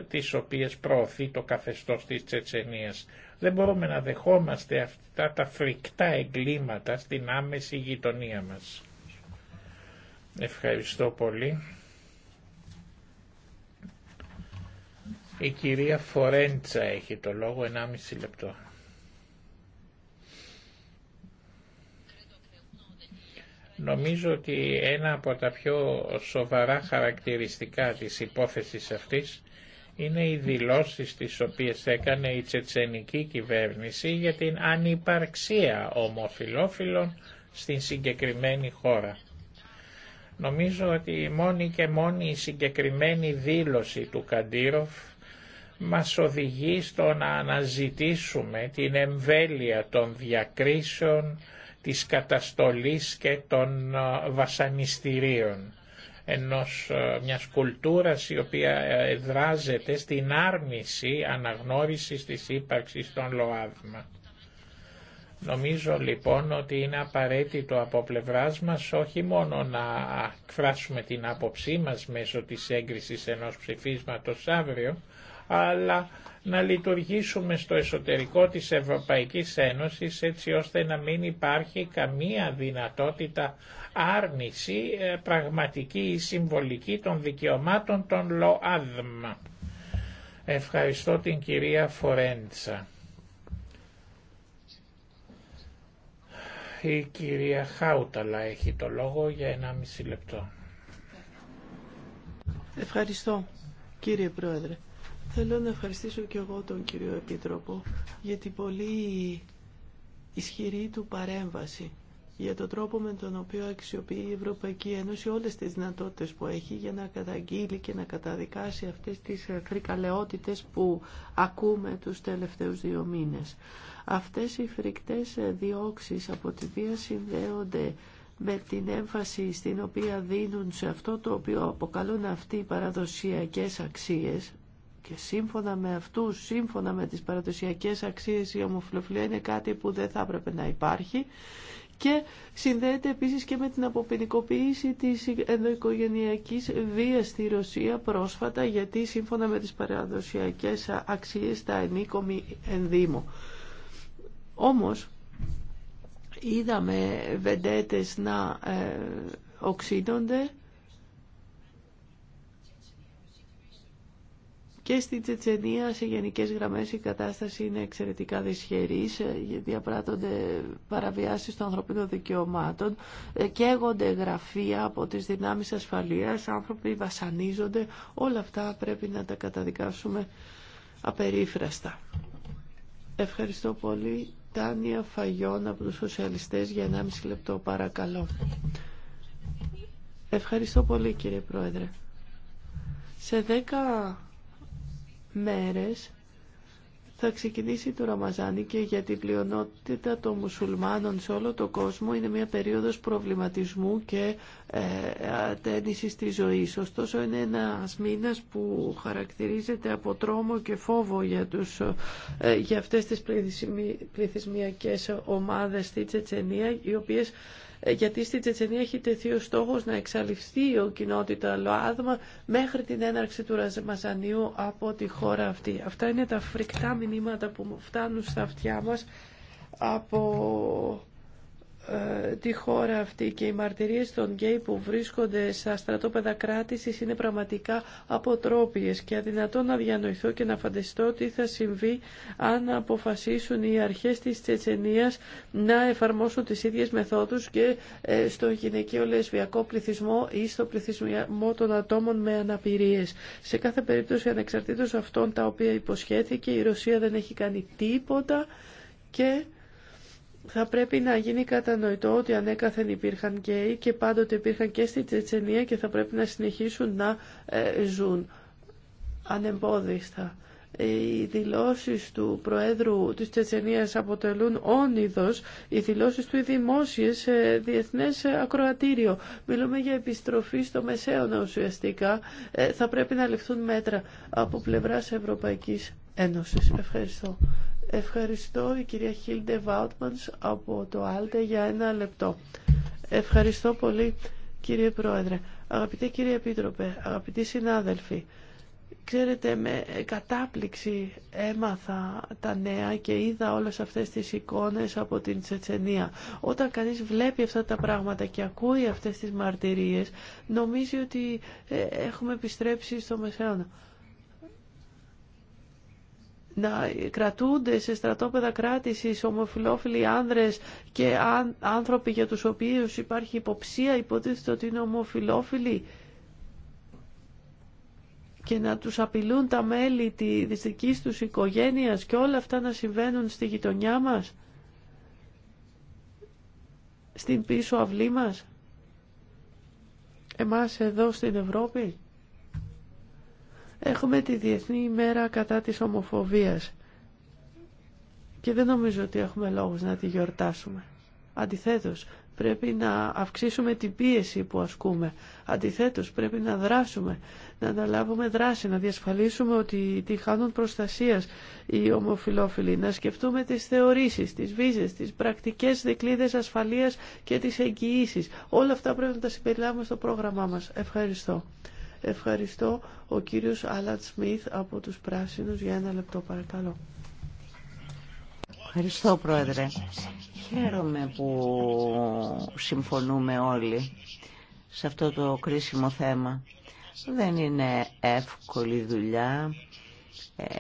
τις οποίες προωθεί το καθεστώς της Τσετσενίας. Δεν μπορούμε να δεχόμαστε αυτά τα φρικτά εγκλήματα στην άμεση γειτονία μας. Ευχαριστώ πολύ. Η κυρία Φορέντσα έχει το λόγο 1,5 λεπτό. Νομίζω ότι ένα από τα πιο σοβαρά χαρακτηριστικά της υπόθεσης αυτής είναι οι δηλώσεις τις οποίες έκανε η τσετσενική κυβέρνηση για την ανυπαρξία ομοφιλόφιλων στην συγκεκριμένη χώρα. Νομίζω ότι η μόνη και μόνη η συγκεκριμένη δήλωση του Καντήροφ μας οδηγεί στο να αναζητήσουμε την εμβέλεια των διακρίσεων, της καταστολής και των ε, βασανιστήριων ενός, ε, μια κουλτούρας η οποία ε, εδράζεται στην άρνηση αναγνώρισης της ύπαρξης των ΛΟΑΔΜΑ. Νομίζω λοιπόν ότι είναι απαραίτητο από πλευρά μα όχι μόνο να εκφράσουμε την άποψή μα μέσω τη έγκριση ενός ψηφίσματο αύριο, αλλά να λειτουργήσουμε στο εσωτερικό της Ευρωπαϊκής Ένωσης έτσι ώστε να μην υπάρχει καμία δυνατότητα άρνηση ε, πραγματική ή συμβολική των δικαιωμάτων των ΛΟΑΔΜ. Ευχαριστώ την κυρία Φορέντσα. Η κυρία Χάουταλα έχει το λόγο για 1,5 λεπτό. Ευχαριστώ κύριε Πρόεδρε. Θέλω να ευχαριστήσω και εγώ τον κύριο Επίτροπο για την πολύ ισχυρή του παρέμβαση για τον τρόπο με τον οποίο αξιοποιεί η Ευρωπαϊκή Ένωση όλες τις δυνατότητες που έχει για να καταγγείλει και να καταδικάσει αυτές τις θρικαλαιότητες ε, που ακούμε τους τελευταίους δύο μήνες. Αυτές οι φρικτές διώξεις από τη βία συνδέονται με την έμφαση στην οποία δίνουν σε αυτό το οποίο αποκαλούν αυτοί οι παραδοσιακές αξίες και σύμφωνα με αυτούς, σύμφωνα με τις παραδοσιακές αξίες η ομοφιλοφιλία είναι κάτι που δεν θα έπρεπε να υπάρχει και συνδέεται επίσης και με την αποποινικοποίηση της ενδοοικογενειακής βίας στη Ρωσία πρόσφατα γιατί σύμφωνα με τις παραδοσιακές αξίες τα ενίκομοι ενδύμω. Όμως είδαμε βεντέτες να ε, οξύνονται Και στη Τσετσενία σε γενικές γραμμές η κατάσταση είναι εξαιρετικά δυσχερής, ε, διαπράττονται παραβιάσεις των ανθρωπίνων δικαιωμάτων, ε, καίγονται γραφεία από τις δυνάμεις ασφαλείας, άνθρωποι βασανίζονται, όλα αυτά πρέπει να τα καταδικάσουμε απερίφραστα. Ευχαριστώ πολύ. Τάνια Φαγιών από τους Σοσιαλιστές για 1,5 λεπτό παρακαλώ. Ευχαριστώ πολύ κύριε Πρόεδρε. Σε 10 μέρες θα ξεκινήσει το Ραμαζάνι και για την πλειονότητα των μουσουλμάνων σε όλο τον κόσμο είναι μια περίοδος προβληματισμού και ε, ατένισης της ζωής. Ωστόσο είναι ένας μήνας που χαρακτηρίζεται από τρόμο και φόβο για, τους, ε, για αυτές τις πληθυσμιακές ομάδες στη Τσετσενία οι οποίες ε, γιατί στη Τσετσενία έχει τεθεί ο στόχος να εξαλειφθεί ο κοινότητα ΛΟΑΔΜΑ μέχρι την έναρξη του Ραζεμασανίου από τη χώρα αυτή. Αυτά είναι τα φρικτά μηνύματα που φτάνουν στα αυτιά μας από τη χώρα αυτή και οι μαρτυρίες των γκέι που βρίσκονται στα στρατόπεδα κράτησης είναι πραγματικά αποτρόπιες και αδυνατό να διανοηθώ και να φανταστώ τι θα συμβεί αν αποφασίσουν οι αρχές της Τσετσενίας να εφαρμόσουν τις ίδιες μεθόδους και ε, στο γυναικείο λεσβιακό πληθυσμό ή στο πληθυσμό των ατόμων με αναπηρίες. Σε κάθε περίπτωση ανεξαρτήτως αυτών τα οποία υποσχέθηκε η Ρωσία δεν έχει κάνει τίποτα και θα πρέπει να γίνει κατανοητό ότι ανέκαθεν υπήρχαν και οι και πάντοτε υπήρχαν και στη Τσετσενία και θα πρέπει να συνεχίσουν να ε, ζουν ανεμπόδιστα. Οι δηλώσεις του Προέδρου της Τσετσενίας αποτελούν όνειδος, οι δηλώσεις του οι δημόσιες σε διεθνές ε, ακροατήριο. Μιλούμε για επιστροφή στο μεσαίωνα ουσιαστικά. Ε, θα πρέπει να ληφθούν μέτρα από πλευράς Ευρωπαϊκής Ένωσης. Ευχαριστώ. Ευχαριστώ η κυρία Χίλντε Βάουτμανς από το Άλτε για ένα λεπτό. Ευχαριστώ πολύ κύριε Πρόεδρε. Αγαπητέ κύριε Επίτροπε, αγαπητοί συνάδελφοι, ξέρετε με κατάπληξη έμαθα τα νέα και είδα όλες αυτές τις εικόνες από την Τσετσενία. Όταν κανείς βλέπει αυτά τα πράγματα και ακούει αυτές τις μαρτυρίες, νομίζει ότι ε, έχουμε επιστρέψει στο Μεσαίωνα να κρατούνται σε στρατόπεδα κράτησης ομοφιλόφιλοι άνδρες και άνθρωποι για τους οποίους υπάρχει υποψία υποτίθεται ότι είναι ομοφιλόφιλοι και να τους απειλούν τα μέλη της δικής τους οικογένειας και όλα αυτά να συμβαίνουν στη γειτονιά μας στην πίσω αυλή μας εμάς εδώ στην Ευρώπη Έχουμε τη Διεθνή ημέρα κατά της ομοφοβίας και δεν νομίζω ότι έχουμε λόγους να τη γιορτάσουμε. Αντιθέτως, πρέπει να αυξήσουμε την πίεση που ασκούμε. Αντιθέτως, πρέπει να δράσουμε, να αναλάβουμε δράση, να διασφαλίσουμε ότι τη χάνουν προστασίας οι ομοφιλόφιλοι, να σκεφτούμε τις θεωρήσεις, τις βίζες, τις πρακτικές δικλείδες ασφαλείας και τις εγγυήσει. Όλα αυτά πρέπει να τα συμπεριλάβουμε στο πρόγραμμά μας. Ευχαριστώ. Ευχαριστώ ο κύριος Άλατ Σμιθ από τους Πράσινους για ένα λεπτό παρακαλώ. Ευχαριστώ Πρόεδρε. Χαίρομαι που συμφωνούμε όλοι σε αυτό το κρίσιμο θέμα. Δεν είναι εύκολη δουλειά ε,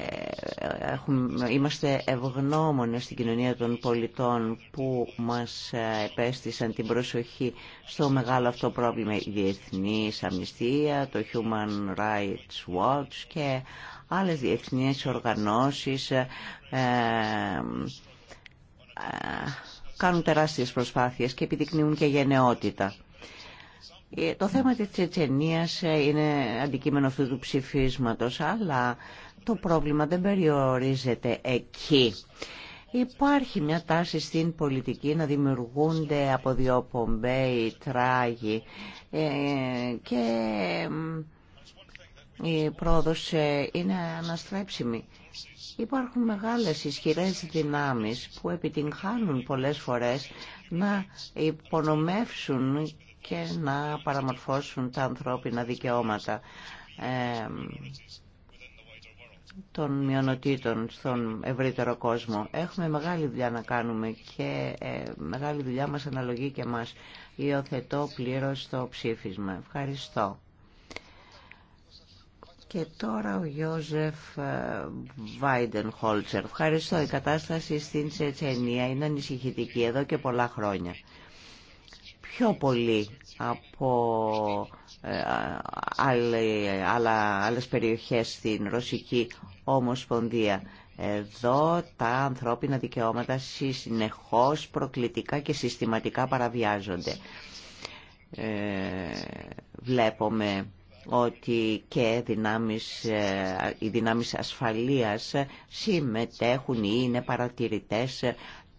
είμαστε ευγνώμονες στην κοινωνία των πολιτών που μας ε, επέστησαν την προσοχή στο μεγάλο αυτό πρόβλημα η Διεθνής Αμνηστία, το Human Rights Watch και άλλες διεθνείς οργανώσεις ε, κάνουν τεράστιες προσπάθειες και επιδεικνύουν και γενναιότητα. Το θέμα της Τσετσενίας είναι αντικείμενο αυτού του ψηφίσματος, αλλά το πρόβλημα δεν περιορίζεται εκεί. Υπάρχει μια τάση στην πολιτική να δημιουργούνται από δύο πομπέοι, τράγοι ε, και η πρόοδος ε, είναι αναστρέψιμη. Υπάρχουν μεγάλες ισχυρές δυνάμεις που επιτυγχάνουν πολλές φορές να υπονομεύσουν και να παραμορφώσουν τα ανθρώπινα δικαιώματα. Ε, των μειονοτήτων στον ευρύτερο κόσμο. Έχουμε μεγάλη δουλειά να κάνουμε και ε, μεγάλη δουλειά μας αναλογεί και μας. Υιοθετώ πλήρως το ψήφισμα. Ευχαριστώ. Και τώρα ο Γιώζεφ ε, Βάιντεν Χόλτσερ. Ευχαριστώ. Η κατάσταση στην Τσετσενία είναι ανησυχητική εδώ και πολλά χρόνια. Πιο πολύ από ε, άλλες περιοχές στην Ρωσική Ομοσπονδία. Εδώ τα ανθρώπινα δικαιώματα συνεχώς προκλητικά και συστηματικά παραβιάζονται. Ε, βλέπουμε ότι και δυνάμεις, ε, οι δυνάμεις ασφαλείας συμμετέχουν ή είναι παρατηρητές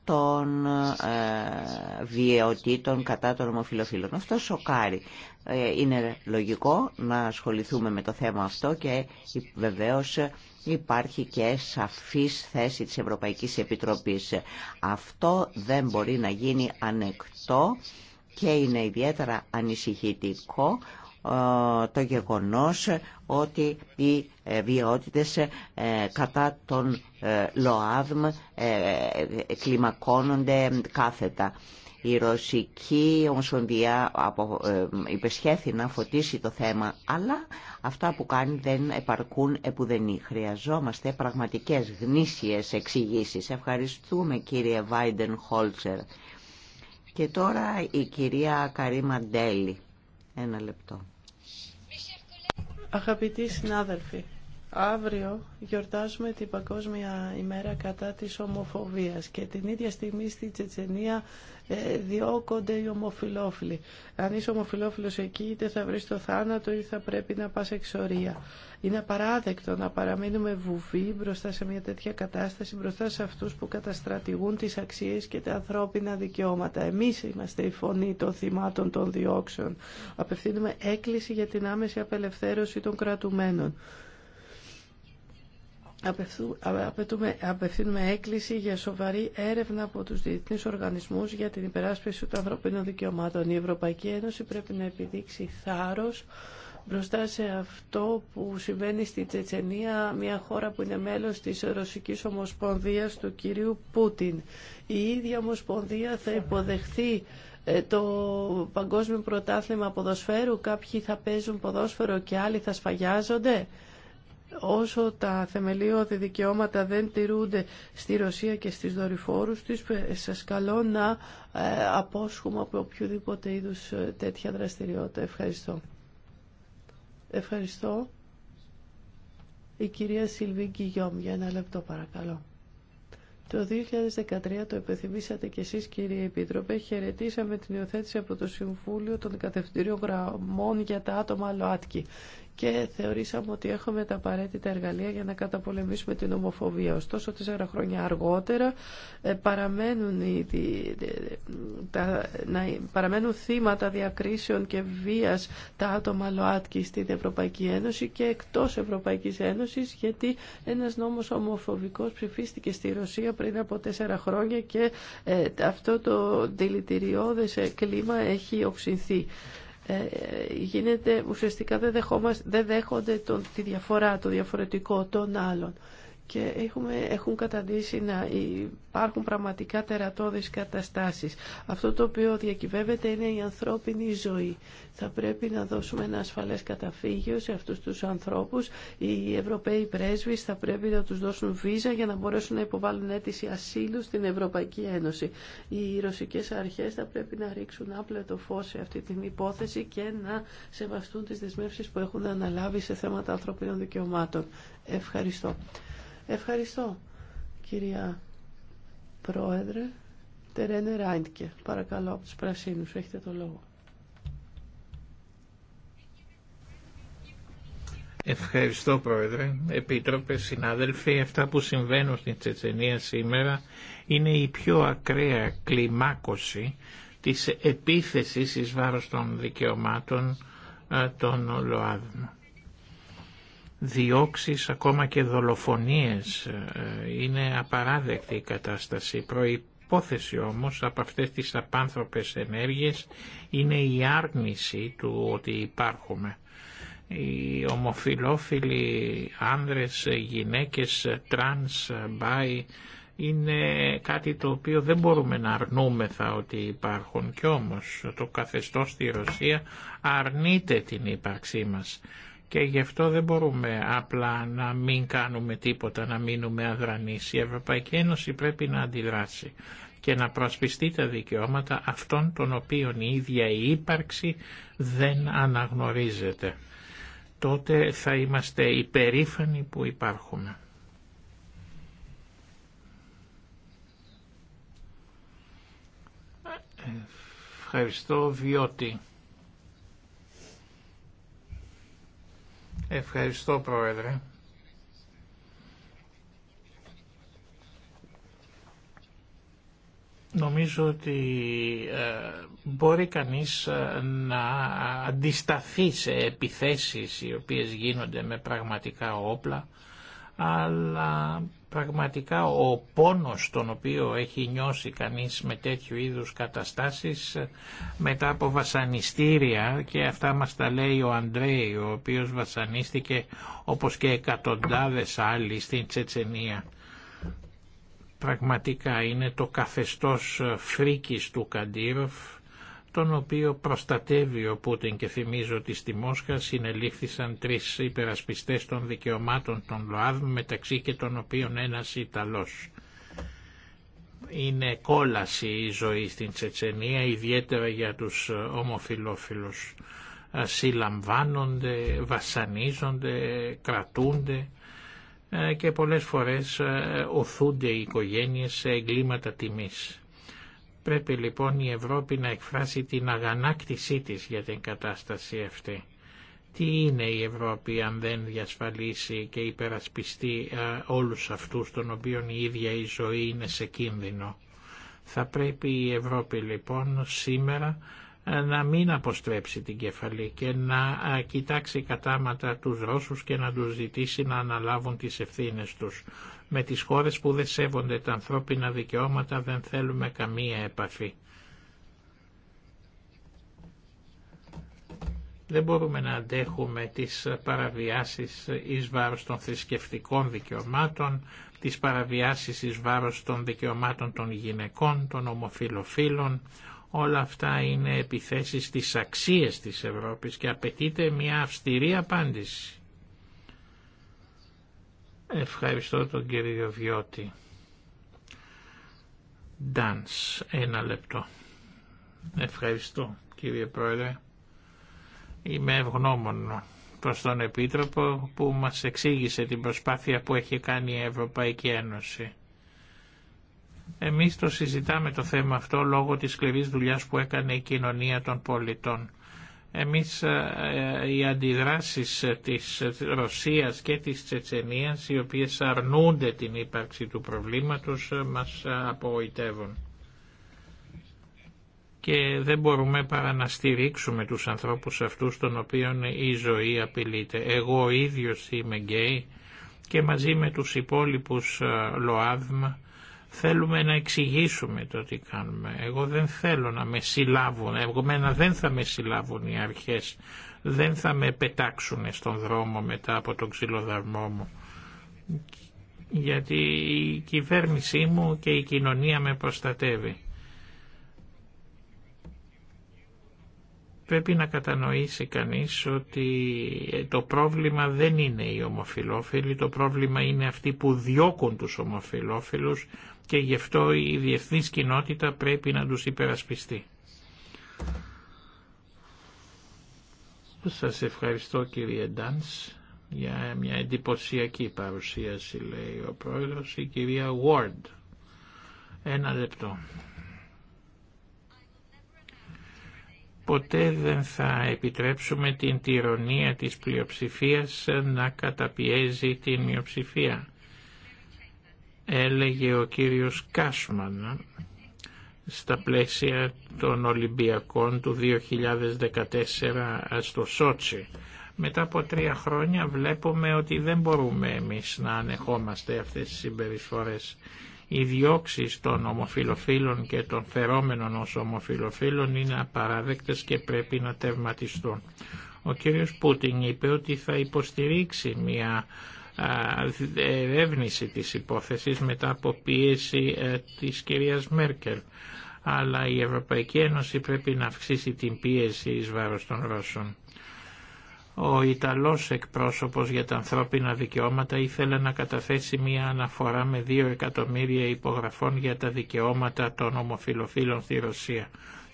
των ε, βιαιοτήτων κατά των ομοφιλοφίλων. Αυτό σοκάρει. Ε, είναι λογικό να ασχοληθούμε με το θέμα αυτό και βεβαίως υπάρχει και σαφής θέση της Ευρωπαϊκής Επιτροπής. Αυτό δεν μπορεί να γίνει ανεκτό και είναι ιδιαίτερα ανησυχητικό το γεγονός ότι οι ε, βιότητες ε, κατά τον ε, ΛΟΑΔΜ κλιμακώνονται κάθετα. Η Ρωσική Ομοσπονδία υπεσχέθη να φωτίσει το θέμα, αλλά αυτά που κάνει δεν επαρκούν επουδενή. Χρειαζόμαστε πραγματικές γνήσιες εξηγήσει. Ευχαριστούμε κύριε Βάιντεν Χόλτσερ. Και τώρα η κυρία Καρίμα Μαντέλη. Ένα λεπτό. Αγαπητοί συνάδελφοι, Αύριο γιορτάζουμε την Παγκόσμια ημέρα κατά της ομοφοβίας και την ίδια στιγμή στη Τσετσενία ε, διώκονται οι ομοφιλόφιλοι. Αν είσαι ομοφιλόφιλος εκεί είτε θα βρεις το θάνατο είτε θα πρέπει να πας εξορία. Είναι απαράδεκτο να παραμείνουμε βουβοί μπροστά σε μια τέτοια κατάσταση, μπροστά σε αυτούς που καταστρατηγούν τις αξίες και τα ανθρώπινα δικαιώματα. Εμείς είμαστε η φωνή των θυμάτων των διώξεων. Απευθύνουμε έκκληση για την άμεση απελευθέρωση των κρατουμένων απευθύνουμε έκκληση για σοβαρή έρευνα από τους διεθνείς οργανισμούς για την υπεράσπιση των ανθρωπίνων δικαιωμάτων. Η Ευρωπαϊκή Ένωση πρέπει να επιδείξει θάρρος μπροστά σε αυτό που συμβαίνει στη Τσετσενία, μια χώρα που είναι μέλος της Ρωσικής Ομοσπονδίας του κυρίου Πούτιν. Η ίδια Ομοσπονδία θα υποδεχθεί ε, το παγκόσμιο πρωτάθλημα ποδοσφαίρου, κάποιοι θα παίζουν ποδόσφαιρο και άλλοι θα σφαγιάζονται όσο τα θεμελιώδη δικαιώματα δεν τηρούνται στη Ρωσία και στις δορυφόρους της, ε, σας καλώ να ε, απόσχουμε από οποιοδήποτε είδους ε, τέτοια δραστηριότητα. Ευχαριστώ. Ευχαριστώ. Η κυρία Σιλβί Γκυγιόμ, για ένα λεπτό παρακαλώ. Το 2013 το επιθυμήσατε κι εσείς κύριε Επίτροπε, χαιρετήσαμε την υιοθέτηση από το Συμβούλιο των Κατευθυντήριων Γραμμών για τα άτομα ΛΟΑΤΚΙ και θεωρήσαμε ότι έχουμε τα απαραίτητα εργαλεία για να καταπολεμήσουμε την ομοφοβία. Ωστόσο, τέσσερα χρόνια αργότερα ε, παραμένουν, οι, τα, παραμένουν θύματα διακρίσεων και βίας τα άτομα ΛΟΑΤΚΙ στην Ευρωπαϊκή Ένωση και εκτός Ευρωπαϊκής Ένωσης γιατί ένας νόμος ομοφοβικός ψηφίστηκε στη Ρωσία πριν από τέσσερα χρόνια και ε, αυτό το δηλητηριώδες ε, κλίμα έχει οξυνθεί. Ε, γίνεται ουσιαστικά δεν, δέχονται τη διαφορά, το διαφορετικό των άλλων και έχουμε, έχουν καταντήσει να υπάρχουν πραγματικά τερατώδεις καταστάσεις. Αυτό το οποίο διακυβεύεται είναι η ανθρώπινη ζωή. Θα πρέπει να δώσουμε ένα ασφαλές καταφύγιο σε αυτούς τους ανθρώπους. Οι Ευρωπαίοι πρέσβεις θα πρέπει να τους δώσουν βίζα για να μπορέσουν να υποβάλουν αίτηση ασύλου στην Ευρωπαϊκή Ένωση. Οι ρωσικές αρχές θα πρέπει να ρίξουν άπλετο φως σε αυτή την υπόθεση και να σεβαστούν τις δεσμεύσεις που έχουν αναλάβει σε θέματα ανθρωπίνων δικαιωμάτων. Ευχαριστώ. Ευχαριστώ, κυρία Πρόεδρε. Τερένε Ράιντκε, παρακαλώ, από τους Πρασίνους. Έχετε το λόγο. Ευχαριστώ Πρόεδρε. Επίτροπε, συνάδελφοι, αυτά που συμβαίνουν στην Τσετσενία σήμερα είναι η πιο ακραία κλιμάκωση της επίθεσης εις βάρος των δικαιωμάτων των ΛΟΑΔΜ διώξεις, ακόμα και δολοφονίες. Ε, είναι απαράδεκτη η κατάσταση. Προϋπόθεση όμως από αυτές τις απάνθρωπες ενέργειες είναι η άρνηση του ότι υπάρχουμε. Οι ομοφιλόφιλοι άνδρες, γυναίκες, τρανς, μπάι, είναι κάτι το οποίο δεν μπορούμε να αρνούμεθα ότι υπάρχουν. και όμως το καθεστώς στη Ρωσία αρνείται την ύπαρξή μας και γι' αυτό δεν μπορούμε απλά να μην κάνουμε τίποτα, να μείνουμε αδρανείς. Η Ευρωπαϊκή Ένωση πρέπει να αντιδράσει και να προασπιστεί τα δικαιώματα αυτών των οποίων η ίδια η ύπαρξη δεν αναγνωρίζεται. Τότε θα είμαστε υπερήφανοι που υπάρχουμε. Ευχαριστώ Βιώτη. Ευχαριστώ Πρόεδρε. Νομίζω ότι ε, μπορεί κανείς ε, να αντισταθεί σε επιθέσεις οι οποίες γίνονται με πραγματικά όπλα, αλλά Πραγματικά ο πόνος τον οποίο έχει νιώσει κανείς με τέτοιου είδους καταστάσεις μετά από βασανιστήρια και αυτά μας τα λέει ο Αντρέη ο οποίος βασανίστηκε όπως και εκατοντάδες άλλοι στην Τσετσενία. Πραγματικά είναι το καθεστώς φρίκης του Καντήροφ τον οποίο προστατεύει ο Πούτιν και θυμίζω ότι στη Μόσχα συνελήφθησαν τρεις υπερασπιστές των δικαιωμάτων των ΛΟΑΔ μεταξύ και των οποίων ένας Ιταλός. Είναι κόλαση η ζωή στην Τσετσενία, ιδιαίτερα για τους ομοφιλόφιλους. Συλλαμβάνονται, βασανίζονται, κρατούνται ε, και πολλές φορές ε, οθούνται οι οικογένειες σε εγκλήματα τιμής. Πρέπει λοιπόν η Ευρώπη να εκφράσει την αγανάκτησή της για την κατάσταση αυτή. Τι είναι η Ευρώπη αν δεν διασφαλίσει και υπερασπιστεί ε, όλους αυτούς των οποίων η ίδια η ζωή είναι σε κίνδυνο. Θα πρέπει η Ευρώπη λοιπόν σήμερα ε, να μην αποστρέψει την κεφαλή και να ε, κοιτάξει κατάματα τους Ρώσους και να τους ζητήσει να αναλάβουν τις ευθύνες τους. Με τις χώρες που δεν σέβονται τα ανθρώπινα δικαιώματα δεν θέλουμε καμία επαφή. Δεν μπορούμε να αντέχουμε τις παραβιάσεις εις βάρος των θρησκευτικών δικαιωμάτων, τις παραβιάσεις εις βάρος των δικαιωμάτων των γυναικών, των ομοφιλοφίλων. Όλα αυτά είναι επιθέσεις στις αξίες της Ευρώπης και απαιτείται μια αυστηρή απάντηση. Ευχαριστώ τον κύριο Βιώτη. Ντάνς, ένα λεπτό. Ευχαριστώ κύριε Πρόεδρε. Είμαι ευγνώμων προς τον Επίτροπο που μας εξήγησε την προσπάθεια που έχει κάνει η Ευρωπαϊκή Ένωση. Εμείς το συζητάμε το θέμα αυτό λόγω της σκληρής δουλειάς που έκανε η κοινωνία των πολιτών. Εμείς ε, ε, οι αντιδράσεις της Ρωσίας και της Τσετσενίας, οι οποίες αρνούνται την ύπαρξη του προβλήματος, ε, μας απογοητεύουν. Και δεν μπορούμε παρά να στηρίξουμε τους ανθρώπους αυτούς των οποίων η ζωή απειλείται. Εγώ ίδιος είμαι γκέι και μαζί με τους υπόλοιπους ΛΟΑΔΜΑ Θέλουμε να εξηγήσουμε το τι κάνουμε. Εγώ δεν θέλω να με συλλάβουν, Εγώ μενα δεν θα με συλλάβουν οι αρχές, δεν θα με πετάξουν στον δρόμο μετά από τον ξυλοδαρμό μου. Γιατί η κυβέρνησή μου και η κοινωνία με προστατεύει. πρέπει να κατανοήσει κανείς ότι το πρόβλημα δεν είναι οι ομοφιλόφιλοι, το πρόβλημα είναι αυτοί που διώκουν τους ομοφιλόφιλους και γι' αυτό η διεθνής κοινότητα πρέπει να τους υπερασπιστεί. Σας ευχαριστώ κύριε Ντάνς για μια εντυπωσιακή παρουσίαση λέει ο πρόεδρος η κυρία Ward. Ένα λεπτό. Ποτέ δεν θα επιτρέψουμε την τυρονία της πλειοψηφίας να καταπιέζει την μειοψηφία έλεγε ο κύριος Κάσμαν στα πλαίσια των Ολυμπιακών του 2014 στο Σότσι. Μετά από τρία χρόνια βλέπουμε ότι δεν μπορούμε εμείς να ανεχόμαστε αυτές τις συμπεριφορές. Οι διώξεις των ομοφιλοφίλων και των φερόμενων ως ομοφιλοφίλων είναι απαράδεκτες και πρέπει να τερματιστούν. Ο κύριος Πούτιν είπε ότι θα υποστηρίξει μια ερεύνηση της υπόθεσης μετά από πίεση ε, της κυρίας Μέρκελ. Αλλά η Ευρωπαϊκή Ένωση πρέπει να αυξήσει την πίεση εις βάρος των Ρώσων. Ο Ιταλός εκπρόσωπος για τα ανθρώπινα δικαιώματα ήθελε να καταθέσει μία αναφορά με δύο εκατομμύρια υπογραφών για τα δικαιώματα των ομοφιλοφίλων στη Ρωσία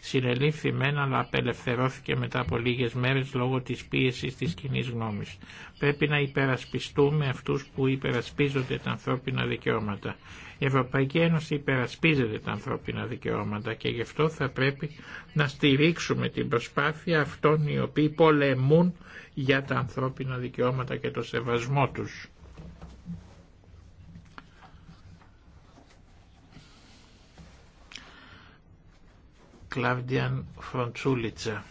συνελήφθη μεν αλλά απελευθερώθηκε μετά από λίγες μέρες λόγω της πίεσης της κοινή γνώμης. Πρέπει να υπερασπιστούμε αυτούς που υπερασπίζονται τα ανθρώπινα δικαιώματα. Η Ευρωπαϊκή Ένωση υπερασπίζεται τα ανθρώπινα δικαιώματα και γι' αυτό θα πρέπει να στηρίξουμε την προσπάθεια αυτών οι οποίοι πολεμούν για τα ανθρώπινα δικαιώματα και το σεβασμό τους. Κλάβδιαν Φροντσούλιτσα.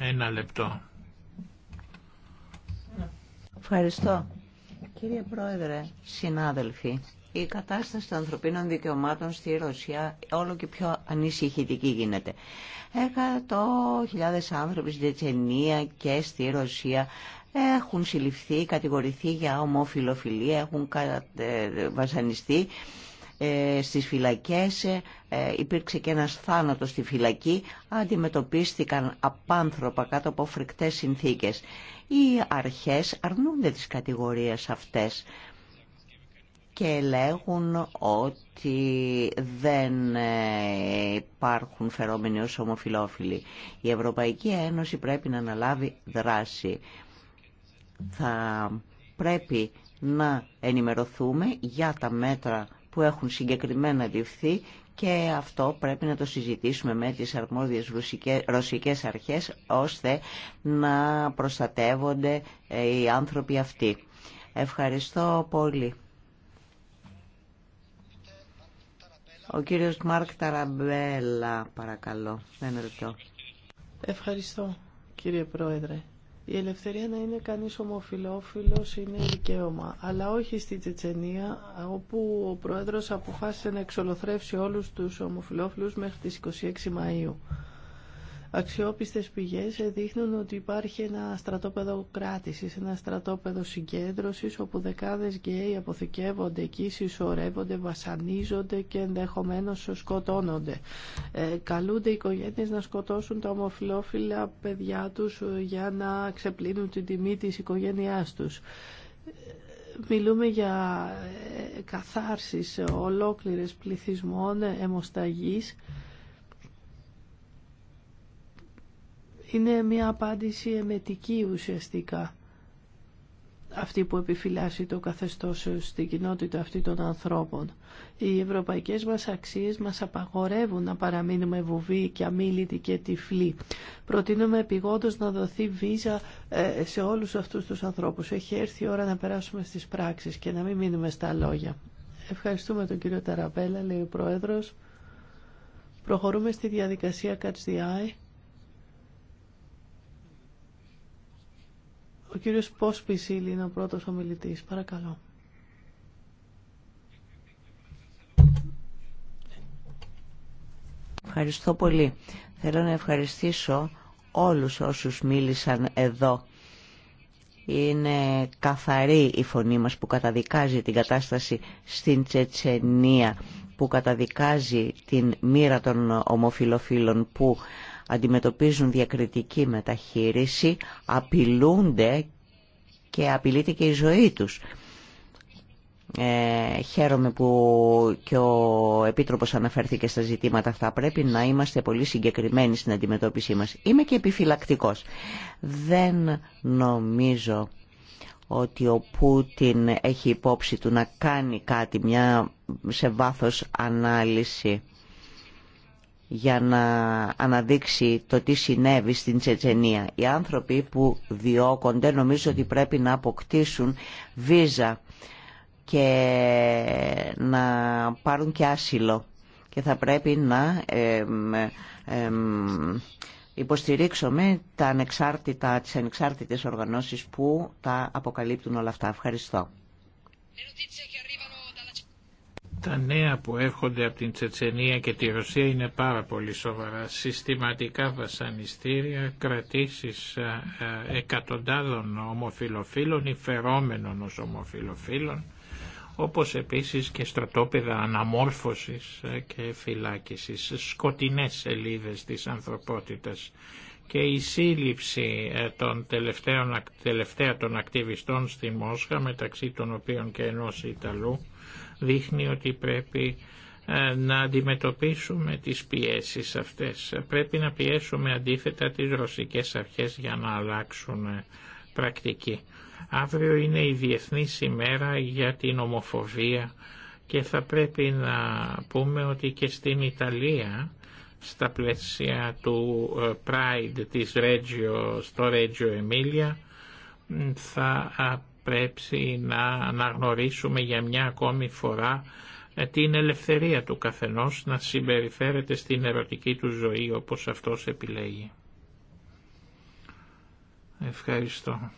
Ένα λεπτό. Ευχαριστώ. Κύριε Πρόεδρε, συνάδελφοι, η κατάσταση των ανθρωπίνων δικαιωμάτων στη Ρωσία όλο και πιο ανησυχητική γίνεται. Εκατό χιλιάδες άνθρωποι στην Τσενία και στη Ρωσία έχουν συλληφθεί, κατηγορηθεί για ομοφιλοφιλία, έχουν ε, βασανιστεί ε, στις φυλακές, ε, υπήρξε και ένας θάνατος στη φυλακή, αντιμετωπίστηκαν απάνθρωπα κάτω από φρικτές συνθήκες. Οι αρχές αρνούνται τις κατηγορίες αυτές και λέγουν ότι δεν ε, υπάρχουν φερόμενοι ως ομοφιλόφιλοι. Η Ευρωπαϊκή Ένωση πρέπει να αναλάβει δράση. Θα πρέπει να ενημερωθούμε για τα μέτρα που έχουν συγκεκριμένα ληφθεί και αυτό πρέπει να το συζητήσουμε με τις αρμόδιες ρωσικές αρχές ώστε να προστατεύονται ε, οι άνθρωποι αυτοί. Ευχαριστώ πολύ. Ο κύριος Μάρκ Ταραμπέλα, παρακαλώ. δεν ρωτώ. Ευχαριστώ, κύριε Πρόεδρε. Η ελευθερία να είναι κανείς ομοφιλόφιλος είναι δικαίωμα, αλλά όχι στη Τσετσενία, όπου ο Πρόεδρος αποφάσισε να εξολοθρεύσει όλους τους ομοφιλόφιλους μέχρι τις 26 Μαΐου αξιόπιστες πηγές δείχνουν ότι υπάρχει ένα στρατόπεδο κράτησης, ένα στρατόπεδο συγκέντρωσης όπου δεκάδες γκέι αποθηκεύονται εκεί, συσσωρεύονται, βασανίζονται και ενδεχομένως σκοτώνονται. Ε, καλούνται οι οικογένειες να σκοτώσουν τα ομοφυλόφιλα παιδιά τους ε, για να ξεπλύνουν την τιμή της οικογένειάς τους μιλούμε για ε, καθάρσεις ολόκληρες πληθυσμών, ε, αιμοσταγής Είναι μια απάντηση εμετική ουσιαστικά αυτή που επιφυλάσσει το καθεστώς στην κοινότητα αυτή των ανθρώπων. Οι ευρωπαϊκές μας αξίες μας απαγορεύουν να παραμείνουμε βουβοί και αμήλυτοι και τυφλοί. Προτείνουμε επιγόντως να δοθεί βίζα ε, σε όλους αυτούς τους ανθρώπους. Έχει έρθει η ώρα να περάσουμε στις πράξεις και να μην μείνουμε στα λόγια. Ευχαριστούμε τον κύριο Ταραπέλα, λέει ο Πρόεδρος. Προχωρούμε στη διαδικασία Catch the Ο κύριος πώς είναι ο πρώτος ομιλητής. Παρακαλώ. Ευχαριστώ πολύ. Θέλω να ευχαριστήσω όλους όσους μίλησαν εδώ. Είναι καθαρή η φωνή μας που καταδικάζει την κατάσταση στην Τσετσενία, που καταδικάζει την μοίρα των ομοφιλοφίλων που αντιμετωπίζουν διακριτική μεταχείριση, απειλούνται και απειλείται και η ζωή τους. Ε, χαίρομαι που και ο Επίτροπος αναφέρθηκε στα ζητήματα αυτά. Πρέπει να είμαστε πολύ συγκεκριμένοι στην αντιμετώπιση μας. Είμαι και επιφυλακτικός. Δεν νομίζω ότι ο Πούτιν έχει υπόψη του να κάνει κάτι μια σε βάθος ανάλυση για να αναδείξει το τι συνέβη στην Τσετσενία. Οι άνθρωποι που διώκονται νομίζω ότι πρέπει να αποκτήσουν βίζα και να πάρουν και άσυλο και θα πρέπει να υποστηρίξουμε τα ανεξάρτητα, τις ανεξάρτητες οργανώσεις που τα αποκαλύπτουν όλα αυτά. Ευχαριστώ. Τα νέα που έρχονται από την Τσετσενία και τη Ρωσία είναι πάρα πολύ σοβαρά. Συστηματικά βασανιστήρια, κρατήσεις ε, ε, εκατοντάδων ομοφιλοφίλων ή φερόμενων ως ομοφιλοφίλων, όπως επίσης και στρατόπεδα αναμόρφωσης ε, και φυλάκισης, σκοτεινές σελίδες της ανθρωπότητας και η σύλληψη των τελευταίων, τελευταία των ακτιβιστών στη Μόσχα, μεταξύ των οποίων και ενός Ιταλού, δείχνει ότι πρέπει ε, να αντιμετωπίσουμε τις πιέσεις αυτές. Πρέπει να πιέσουμε αντίθετα τις ρωσικές αρχές για να αλλάξουν ε, πρακτική. Αύριο είναι η Διεθνής ημέρα για την ομοφοβία και θα πρέπει να πούμε ότι και στην Ιταλία στα πλαίσια του ε, Pride της Reggio, στο Reggio Emilia θα πρέπει να αναγνωρίσουμε για μια ακόμη φορά ε, την ελευθερία του καθενός να συμπεριφέρεται στην ερωτική του ζωή όπως αυτός επιλέγει. Ευχαριστώ.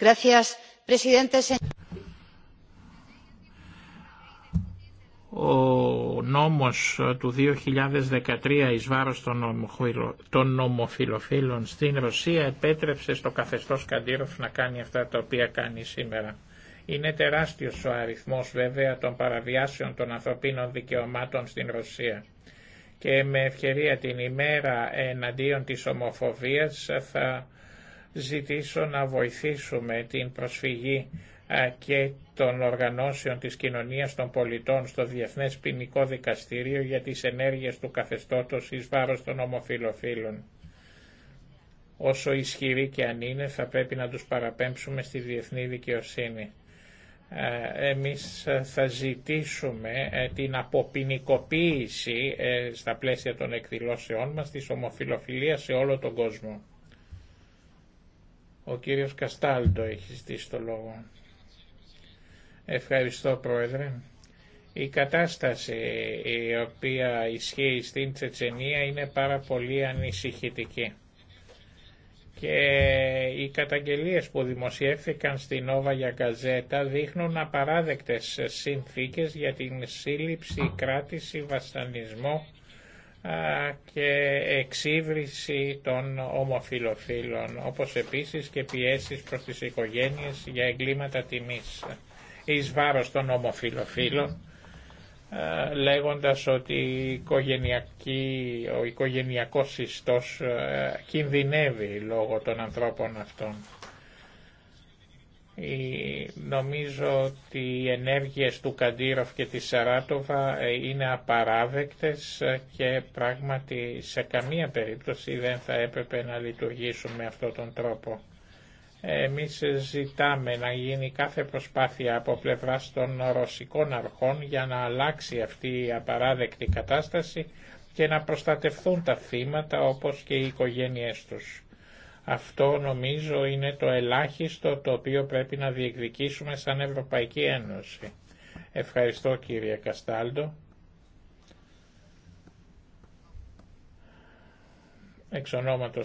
Gracias, ο νόμος του 2013 εις βάρος των νομοφιλοφίλων στην Ρωσία επέτρεψε στο καθεστώς Καντήροφ να κάνει αυτά τα οποία κάνει σήμερα. Είναι τεράστιος ο αριθμός βέβαια των παραβιάσεων των ανθρωπίνων δικαιωμάτων στην Ρωσία. Και με ευκαιρία την ημέρα εναντίον της ομοφοβίας θα ζητήσω να βοηθήσουμε την προσφυγή και των οργανώσεων της κοινωνίας των πολιτών στο Διεθνές Ποινικό Δικαστήριο για τις ενέργειες του καθεστώτος εις βάρος των ομοφιλοφίλων. Όσο ισχυροί και αν είναι θα πρέπει να τους παραπέμψουμε στη διεθνή δικαιοσύνη. Εμείς θα ζητήσουμε ε, την αποποινικοποίηση ε, στα πλαίσια των εκδηλώσεών μας της ομοφιλοφιλίας σε όλο τον κόσμο. Ο κύριος Καστάλντο έχει ζητήσει το λόγο. Ευχαριστώ Πρόεδρε. Η κατάσταση η οποία ισχύει στην Τσετσενία είναι πάρα πολύ ανησυχητική. Και οι καταγγελίες που δημοσιεύθηκαν στην ΟΒΑ για Γκαζέτα δείχνουν απαράδεκτες συνθήκες για την σύλληψη, κράτηση, βασανισμό και εξύβριση των ομοφιλοφίλων, όπως επίσης και πιέσεις προς τις οικογένειες για εγκλήματα τιμής εις βάρος των ομοφιλοφίλων ε, λέγοντας ότι ο οικογενειακός ιστός ε, κινδυνεύει λόγω των ανθρώπων αυτών. Νομίζω ότι οι ενέργειες του Καντήροφ και της Σαράτοβα ε, είναι απαράδεκτες και πράγματι σε καμία περίπτωση δεν θα έπρεπε να λειτουργήσουν με αυτόν τον τρόπο. Εμείς ζητάμε να γίνει κάθε προσπάθεια από πλευρά των ρωσικών αρχών για να αλλάξει αυτή η απαράδεκτη κατάσταση και να προστατευθούν τα θύματα όπως και οι οικογένειές τους. Αυτό νομίζω είναι το ελάχιστο το οποίο πρέπει να διεκδικήσουμε σαν Ευρωπαϊκή Ένωση. Ευχαριστώ κύριε Καστάλντο. Εξ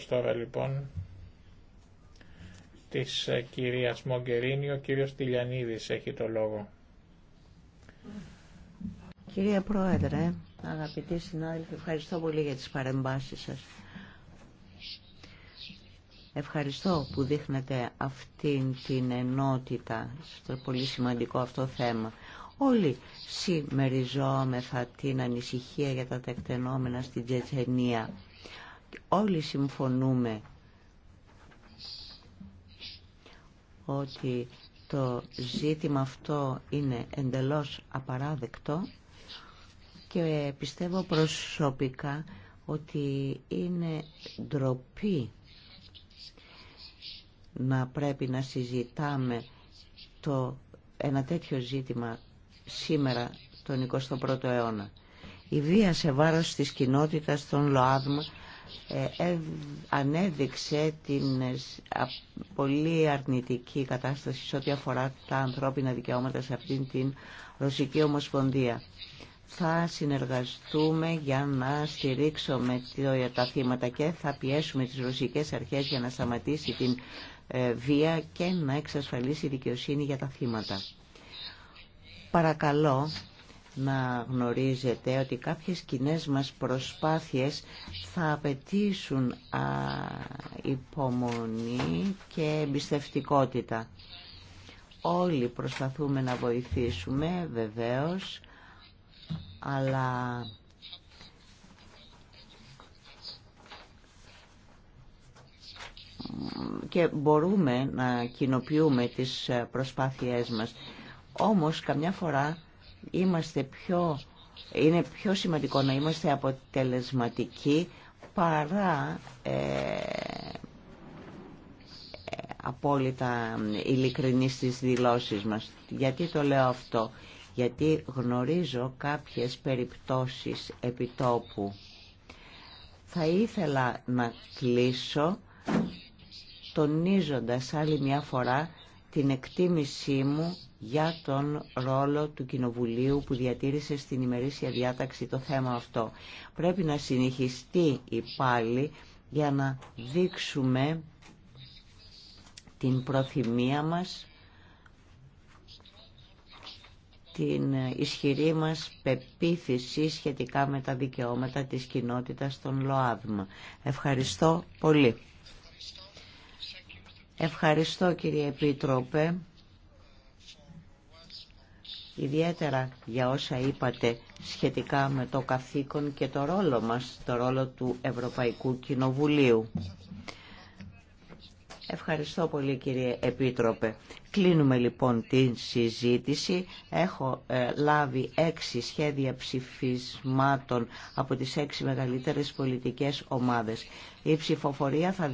τώρα λοιπόν της ε, κυρίας Μογκερίνη, ο κύριος Τηλιανίδης έχει το λόγο. Κυρία Πρόεδρε, αγαπητοί συνάδελφοι, ευχαριστώ πολύ για τις παρεμβάσεις σας. Ευχαριστώ που δείχνετε αυτήν την ενότητα στο πολύ σημαντικό αυτό θέμα. Όλοι συμμεριζόμεθα την ανησυχία για τα τεκτενόμενα στην Τσετσενία. Όλοι συμφωνούμε ότι το ζήτημα αυτό είναι εντελώς απαράδεκτο και πιστεύω προσωπικά ότι είναι ντροπή να πρέπει να συζητάμε το, ένα τέτοιο ζήτημα σήμερα τον 21ο αιώνα. Η βία σε βάρος της κοινότητας των ΛΟΑΔΜΑ ε, ε, ανέδειξε την ε, πολύ αρνητική κατάσταση σε ό,τι αφορά τα ανθρώπινα δικαιώματα σε αυτήν την Ρωσική Ομοσπονδία. Θα συνεργαστούμε για να στηρίξουμε τα θύματα και θα πιέσουμε τις ρωσικές αρχές για να σταματήσει την βία και να εξασφαλίσει δικαιοσύνη για τα θύματα. Παρακαλώ να γνωρίζετε ότι κάποιες κοινέ μας προσπάθειες θα απαιτήσουν α, υπομονή και εμπιστευτικότητα. Όλοι προσπαθούμε να βοηθήσουμε βεβαίως, αλλά και μπορούμε να κοινοποιούμε τις ε, προσπάθειές μας. Όμως καμιά φορά είμαστε πιο, είναι πιο σημαντικό να είμαστε αποτελεσματικοί παρά ε, ε απόλυτα ειλικρινοί στις δηλώσεις μας. Γιατί το λέω αυτό. Γιατί γνωρίζω κάποιες περιπτώσεις επιτόπου. Θα ήθελα να κλείσω τονίζοντας άλλη μια φορά την εκτίμησή μου για τον ρόλο του Κοινοβουλίου που διατήρησε στην ημερήσια διάταξη το θέμα αυτό. Πρέπει να συνεχιστεί η πάλι για να δείξουμε την προθυμία μας, την ισχυρή μας πεποίθηση σχετικά με τα δικαιώματα της κοινότητας των ΛΟΑΔΜΑ. Ευχαριστώ πολύ. Ευχαριστώ κύριε Επίτροπε, ιδιαίτερα για όσα είπατε σχετικά με το καθήκον και το ρόλο μας, το ρόλο του Ευρωπαϊκού Κοινοβουλίου. Ευχαριστώ πολύ κύριε Επίτροπε. Κλείνουμε λοιπόν την συζήτηση. Έχω ε, λάβει έξι σχέδια ψηφισμάτων από τις έξι μεγαλύτερες πολιτικές ομάδες. Η ψηφοφορία θα